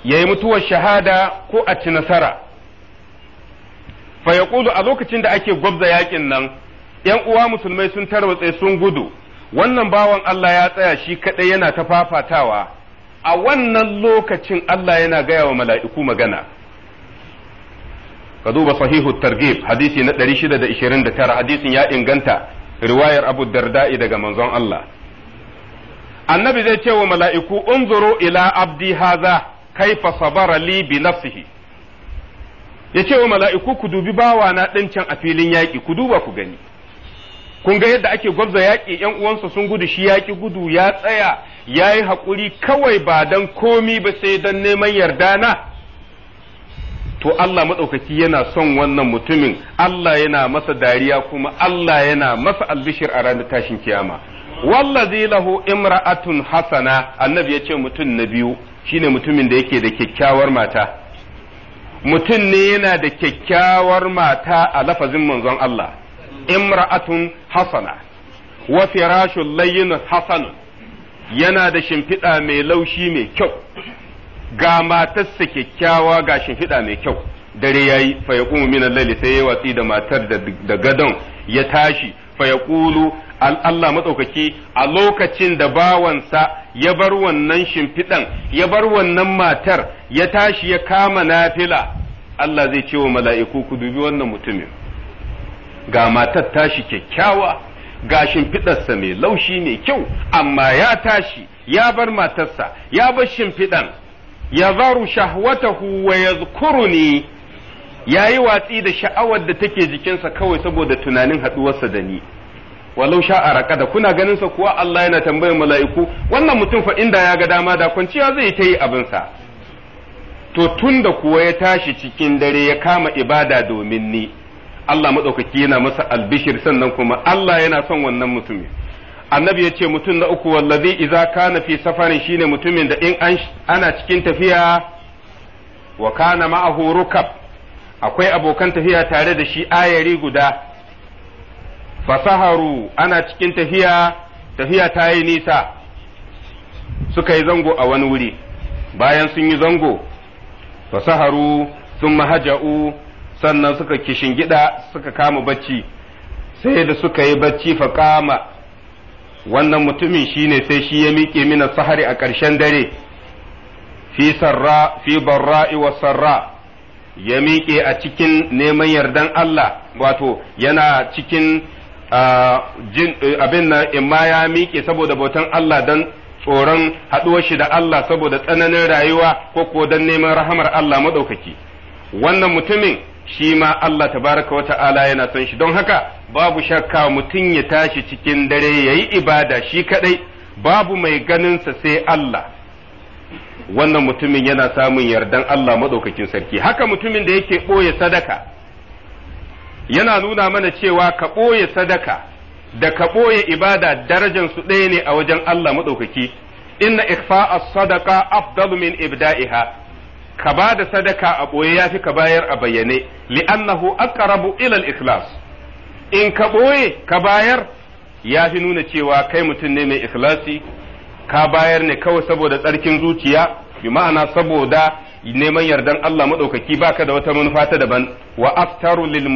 [SPEAKER 1] ya yi mutuwar shahada ko a ci nasara fa a lokacin da ake gwabza yaƙin nan ‘yan uwa musulmai sun tarwatse sun gudu wannan bawan Allah ya tsaya shi kaɗai yana ta fafatawa a wannan lokacin Allah yana gaya wa mala'iku magana ka duba sahihu Targib hadisi na 629 hadisin ya inganta riwayar Abu Darda'i daga manzon Allah annabi zai ce wa mala'iku unzuru ila abdi haza kaifa sabara li bi nafsihi ya ce wa mala'iku ku dubi bawana ɗan can a filin yaƙi ku duba ku gani kun ga yadda ake gwabza yaƙi ‘yan uwansa sun gudu shi yaƙi gudu ya tsaya ya yi haƙuri kawai ba don komi ba sai don neman yarda na to Allah maɗaukaki yana son wannan mutumin Allah yana masa dariya kuma Allah yana masa albishir a ranar tashin kiyama wallazi lahu imra'atun hasana annabi ya ce mutum na biyu shine mutumin da yake da kyakkyawar mata mutum ne yana da kyakkyawar mata a lafazin manzon Allah imra'atun hasana wa firashun layyin hasanun yana da shimfiɗa mai laushi mai kyau ga matarsa kyakkyawa ga shimfiɗa mai kyau dare yayi fa yaqumu min al-layli sai ya watsi da matar da gadon ya tashi fa yaqulu Allah matsaukaki a lokacin da bawansa ya bar wannan shimfiɗan ya bar wannan matar ya tashi ya kama nafila Allah zai ce wa mala'iku ku dubi wannan mutumin ga matar tashi kyakkyawa ga shimfiɗarsa mai laushi mai kyau amma ya tashi ya bar matarsa ya bar shimfiɗan ya zaru shahwatahu wa ne. ya yi watsi da sha'awar da take jikinsa kawai saboda tunanin haɗuwarsa da ni walau a raka da kuna ganin sa kuwa Allah yana tambayar mala'iku wannan mutum fa inda ya ga dama da kwanciya zai ta yi abinsa to tunda kuwa ya tashi cikin dare ya kama ibada domin ni Allah maɗaukaki yana masa albishir sannan kuma Allah yana son wannan mutumin annabi ya ce mutum na uku wallazi idza kana fi safarin shine mutumin da in ana cikin tafiya wa kana ma'ahu rukab akwai abokan tafiya tare da shi ayari guda fasaharu ana cikin tafiya tafiya ta yi nisa suka yi zango a wani wuri bayan sun yi zango fasaharu sun mahaja'u sannan suka gida suka kama bacci sai da suka yi bacci fa kama wannan mutumin shine sai shi ya miƙe mina sahari a ƙarshen dare fi sarra fi barra'i wa sarra ya miƙe a cikin neman yardan Allah wato yana cikin abin nan imma ya miƙe saboda bautan Allah don tsoron haɗuwar shi da Allah saboda tsananin rayuwa ko ko don neman rahamar Allah maɗaukaki wannan mutumin shi ma Allah ta baraka wa ta'ala yana son shi don haka babu shakka mutum ya tashi cikin dare ya yi ibada shi kaɗai babu mai ganinsa sai Allah wannan mutumin yana samun yardan Allah maɗaukakin sarki haka mutumin da yake ɓoye sadaka yana nuna mana cewa ka ɓoye sadaka da ka ɓoye ibada darajansu ɗaya ne a wajen Allah maɗaukaki inna ikfa as afdalu min ibda'iha ka ba da sadaka a ɓoye ya fi ka bayar a bayyane li'annahu aqrabu ila al-ikhlas in ka ɓoye ka bayar ya fi nuna cewa kai mutum ne mai ikhlasi ka bayar ne kawai saboda tsarkin zuciya bi ma'ana saboda neman yardan Allah madaukaki baka da wata manufa ta daban wa aftaru lil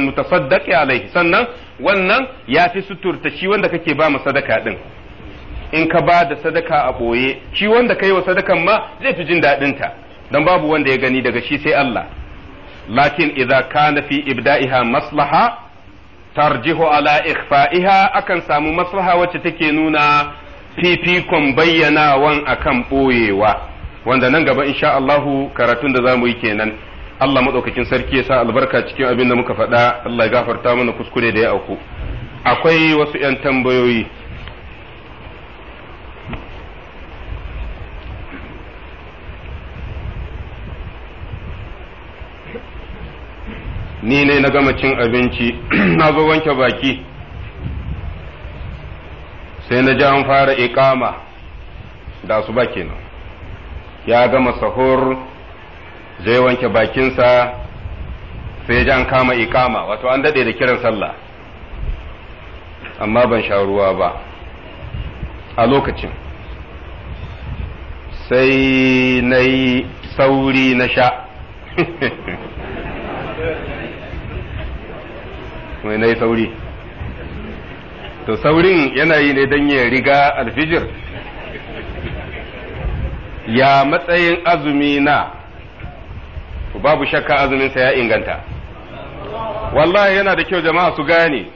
[SPEAKER 1] mutasaddaq alaihi sannan wannan ya fi suturta shi wanda kake ba mu sadaka din in ka ba da sadaka a ɓoye shi wanda ka yi wa sadakan ma zai fi jin ta don babu wanda ya gani daga shi sai Allah lakin idza kana fi ibda'iha maslaha tarjihu ala ikhfa'iha akan samu maslaha wacce take nuna fifikon bayyanawan akan ɓoyewa wanda nan gaba insha Allah karatun da zamu yi kenan Allah madaukakin sarki ya sa albarka cikin abin da muka faɗa Allah ya gafarta mana kuskure da ya auku akwai wasu 'yan tambayoyi ni ne na gama cin abinci (clears throat) na zo wanke baki sai na ji an fara iƙama da su ba kenan ya gama sahur zai wanke bakinsa sai ji an kama iƙama wato an daɗe da kiran sallah amma ban sha ruwa ba a lokacin sai na yi sauri na sha (laughs) mai na yi sauri to saurin yana yi ne don ya riga alfijir ya matsayin azumi na babu shakka azuminsa ya inganta wallahi yana da kyau jama'a su gane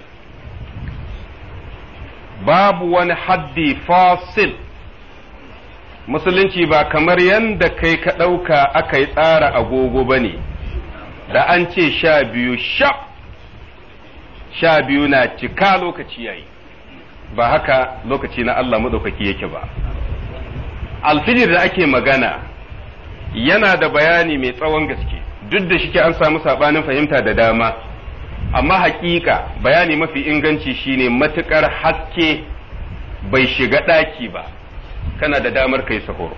[SPEAKER 1] babu wani haddi fasil musulunci ba kamar yadda kai ka ɗauka aka yi tsara agogo ba ne da an ce sha biyu shaf sha biyu na cika lokaci yayi ba haka lokaci na Allah madaukaki yake ba alfijir da ake magana yana da bayani mai tsawon gaske duk da shike an samu saɓanin fahimta da dama amma haƙiƙa bayani mafi inganci shine matukar haske bai shiga ɗaki ba kana da damar kai sahoro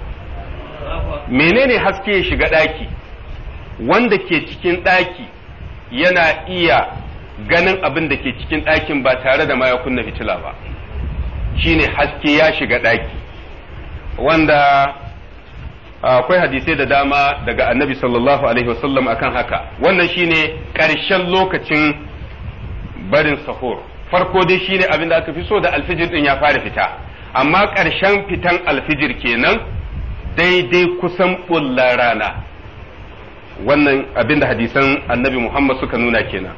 [SPEAKER 1] menene haske ya shiga ɗaki wanda ke cikin ɗaki yana iya ganin abin da ke cikin ɗakin ba tare da ma kunna fitila ba shine haske ya shiga ɗaki wanda ah, akwai hadisai da dama daga annabi sallallahu alaihi wasallam akan haka wannan shine ƙarshen lokacin barin sahur farko dai shine abin da aka fi so da alfijir din ya fara fita amma ƙarshen fitan alfijir kenan daidai kusan bullar rana wannan abin da hadisan annabi muhammad suka nuna kenan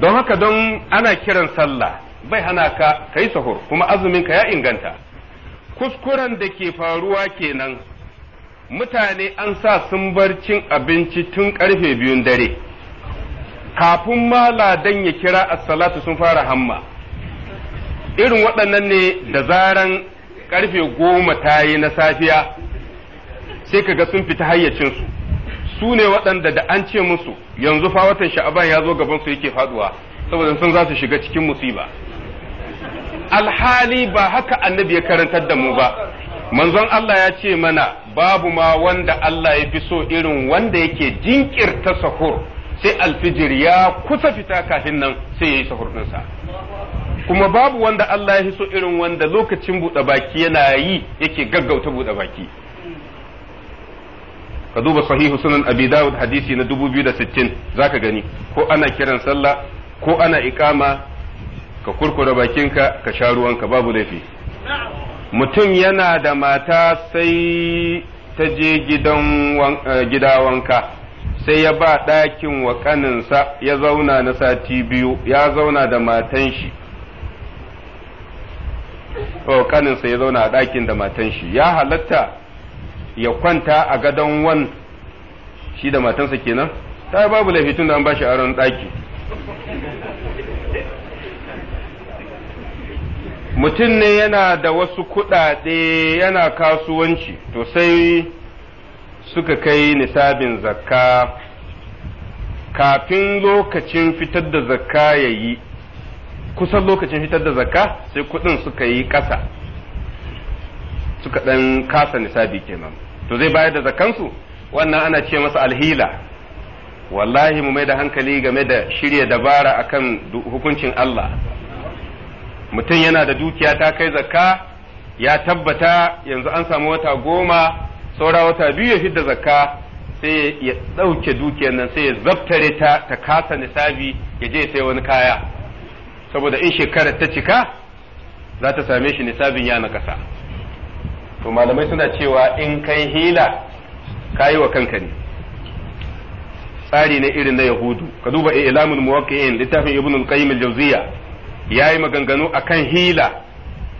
[SPEAKER 1] don haka don ana kiran sallah bai hana ka kai sahur kuma azumin ka ya inganta kuskuren da ke faruwa kenan mutane an sa sun bar cin abinci tun karfe biyun dare kafin ma ladan ya kira assalatu sun fara hamma irin waɗannan ne da zaran karfe goma ta yi na safiya sai kaga sun fita hayyacinsu su ne waɗanda da an ce musu yanzu fa watan sha'aban ya zo gaban su yake faduwa saboda sun za su shiga cikin musiba alhali ba haka annabi ya karantar da mu ba manzon Allah ya ce mana babu ma wanda Allah ya fi so irin wanda yake jinkirta sahur sai alfijir ya kusa fita kafin nan sai ya yi sahur ɗinsa kuma babu wanda Allah ya fi so irin wanda lokacin buɗe baki yana yi yake gaggauta buɗe baki ka duba sahihu sunan abi dawud hadisi na 2060 zaka gani ko ana kiran sallah ko ana ikama ka kurkure bakinka ka sha ruwanka babu laifi mutum yana da mata sai ta je eh, gida wanka sai ya ba ɗakin wa ƙaninsa ya zauna na sati biyu ya zauna da matan shi oh, ya zauna a ɗakin da matan shi ya halatta ya kwanta a gadon wan shi da matansa kenan ta babu laifi tun da an bashi aron daki. mutum ne yana da wasu kuɗaɗe yana kasuwanci to sai suka kai nisabin zakka kafin lokacin fitar da zakka ya yi kusan lokacin fitar da zakka sai kuɗin suka yi ƙasa suka ɗan kasa nisabi kenan to zai bayar da zakansu wannan ana ce masa alhila wallahi mu mai da hankali game da shirya dabara akan hukuncin Allah mutum yana da dukiya ta kai zakka ya tabbata yanzu an samu wata goma saura wata biyu ya fidda zakka sai ya ɗauke dukiyar nan sai ya zaftare ta ta kasa nisabi ya je sai wani kaya saboda in shekarar ta cika za ta same shi nisabin ya na kasa to malamai suna cewa in kai hila yi wa kanka ne tsari na irin na yahudu ka duba ilamul muwaqqi'in littafin ibn al-qayyim al-jawziya yayi maganganu akan hila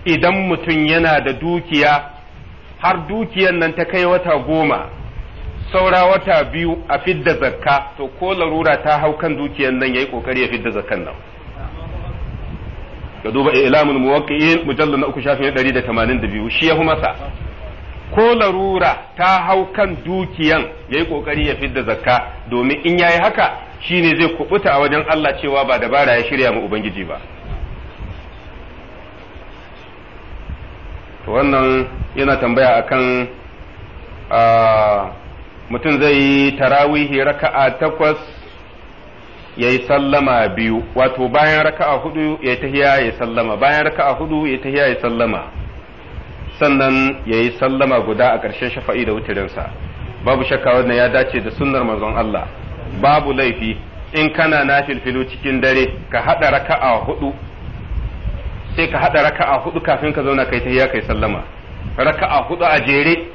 [SPEAKER 1] idan mutum yana da dukiya har dukiyan nan ta kai wata goma saura wata biyu a fidda zakka to ko larura ta hau kan dukiyan nan yayi kokari ya fidda zakkan nan ka duba ilamul muwaqqi'in mujallad na uku shafin 182 shi ya masa ko larura ta hau kan dukiyan yayi kokari ya fidda zakka domin in yayi haka shine zai kubuta a wajen Allah cewa ba dabara ya shirya mu ubangiji ba to wannan yana tambaya akan ah, mutum zai yi tarawihi raka'a takwas ya yi sallama biyu wato bayan raka'a hudu ya yi tahiya ya sallama bayan raka'a hudu ya yi tahiya ya sallama sannan ya yi sallama guda a ƙarshen shafa'i da wutirinsa babu shakka wanda ya dace da sunnar manzon Allah babu laifi in kana nafilfilu cikin dare ka haɗa raka'a hudu sai ka haɗa raka'a hudu kafin ka zauna kai tahiya kai sallama raka'a hudu a jere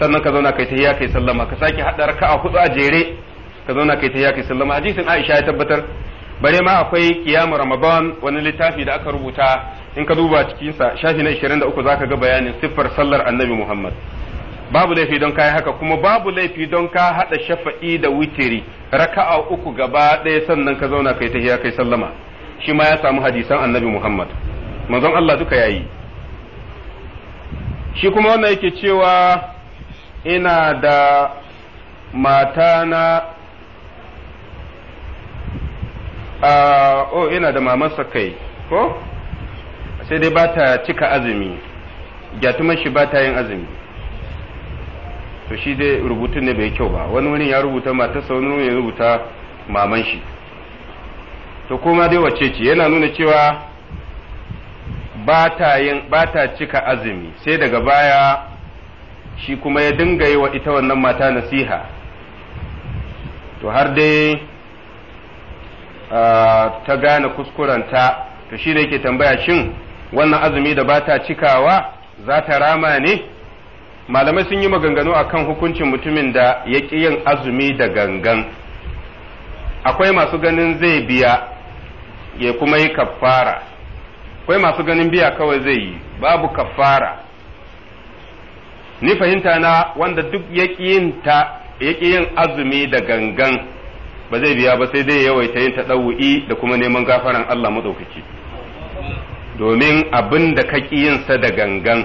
[SPEAKER 1] sannan ka zauna kai tahiya kai sallama ka sake haɗa raka'a hudu a jere ka zauna kai ta yaki sallama hadisin Aisha ya tabbatar bare ma akwai kiyamu Ramadan wani littafi da aka rubuta in ka duba cikin sa shafi na 23 zaka ga bayanin siffar sallar Annabi Muhammad babu laifi don kai haka kuma babu laifi don ka hada shafa'i da witiri raka'a uku gaba ɗaya sannan ka zauna kai ta kai sallama shi ma ya samu hadisan Annabi Muhammad manzon Allah duka yayi shi kuma wannan yake cewa ina da matana o oh, yana da mamansa kai ko sai dai ba ta cika azumi gyatumar shi ba ta yin azumi to shi dai rubutun ne bai kyau ba wani wani ya rubuta matarsa wani wani ya rubuta maman shi to kuma dai wace ce yana nuna cewa ba ta yin ba ta cika azumi sai daga baya shi kuma ya dinga yi wa ita wannan mata nasiha to har dai ta gane kuskurenta to shi ne yake tambaya shin wannan azumi da ba ta cikawa za ta rama ne malamai sun yi maganganu a kan hukuncin mutumin da ya ƙi yin azumi da gangan akwai masu ganin zai biya ya kuma yi kaffara akwai masu ganin biya kawai zai yi babu kaffara ni fahimta na wanda duk ya ƙi yin azumi da gangan ba zai biya ba sai dai yawaita yin taɗawu'i da kuma neman gafaran Allah maɗaukaki domin abin da ka sa da gangan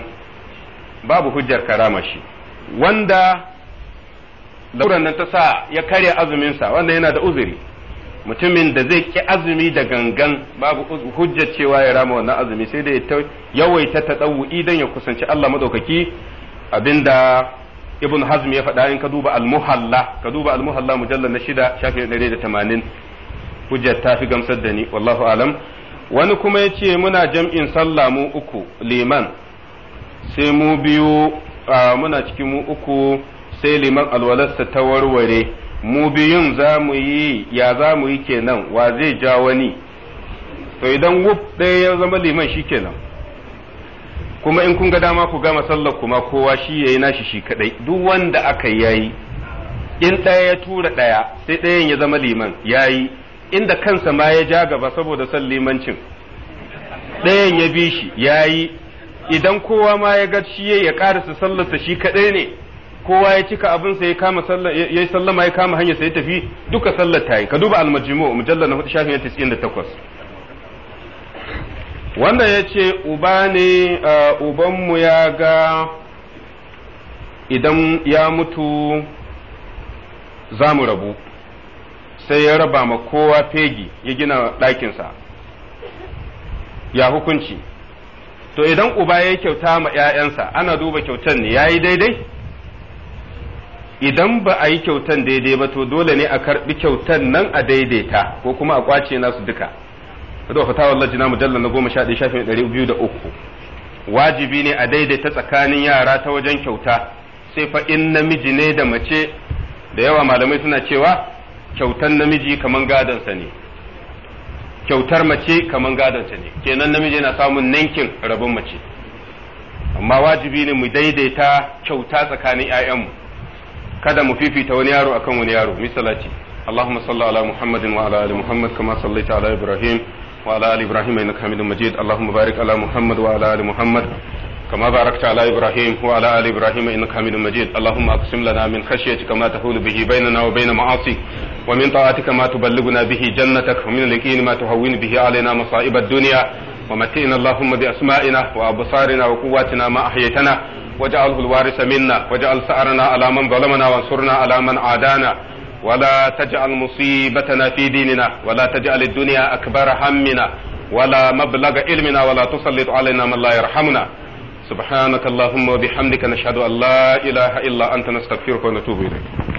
[SPEAKER 1] babu hujjar karama shi wanda lauran nan ta sa ya karya azuminsa wanda yana da uzuri mutumin da zai ki azumi da gangan babu hujjar cewa ya rama wannan azumi sai dai yawaita taɗawu'i don ya kusanci Allah maɗaukaki abinda ibn hazm ya faɗa in ka duba al-muhalla ka duba al-muhalla mujallal na shida shafi ɗari da tamanin hujjar ta fi gamsar da ni wallahu alam wani kuma ya ce muna jam'in sallah mu uku liman sai mu biyu muna cikin mu uku sai liman alwalarsa ta warware mu biyun za mu yi ya za mu yi kenan wa zai ja wani to idan wuf ɗaya ya zama liman shi kenan kuma in kun ga dama ku gama sallar kuma kowa shi yayi nashi shi kadai duk wanda aka yayi in ɗaya ya tura ɗaya sai ɗayan ya zama liman yayi inda kansa ma ya ja gaba saboda san limancin ɗayan ya bi shi yayi idan kowa ma ya ga shi ya karasa sallarsa shi kadai ne kowa ya cika abinsa ya kama sallar ya sallama ya kama hanya sai ya tafi duka sallar tayi ka duba al-majmu' mujallal na wanda ya ce uba ne ubanmu ya ga idan ya mutu za mu rabu sai ya raba ma kowa fegi ya gina ɗakinsa ya hukunci to idan uba ya kyauta ma ‘ya'yansa ana duba kyautan ne ya yi daidai idan ba a yi kyautan daidai ba to dole ne a karɓi kyautan nan a daidaita ko kuma a kwace nasu duka da dofa tawon lajina mujallar na goma sha ɗaya shafin ɗari biyu da uku wajibi ne a daidaita tsakanin yara ta wajen kyauta sai fa in namiji ne da mace da yawa malamai suna cewa kyautar namiji kaman gadonsa ne kyautar mace kaman gadonsa ne kenan namiji yana samun ninkin rabon mace amma wajibi ne mu daidaita kyauta tsakanin 'ya'yanmu kada mu fifita wani yaro akan wani yaro misalaci اللهم صل على محمد وعلى ال محمد كما صليت على ابراهيم وعلى آل إبراهيم إنك حميد مجيد اللهم بارك على محمد وعلى آل محمد كما باركت على إبراهيم وعلى آل إبراهيم إنك حميد مجيد اللهم أقسم لنا من خشيتك ما تحول به بيننا وبين معاصيك ومن طاعتك ما تبلغنا به جنتك ومن اليقين ما تهون به علينا مصائب الدنيا ومتئنا اللهم بأسمائنا وأبصارنا وقواتنا ما أحييتنا واجعله الوارث منا واجعل ثأرنا على من ظلمنا وانصرنا على من عادانا ولا تجعل مصيبتنا في ديننا ولا تجعل الدنيا أكبر همنا ولا مبلغ علمنا ولا تسلط علينا من لا يرحمنا سبحانك اللهم وبحمدك نشهد أن لا إله إلا أنت نستغفرك ونتوب إليك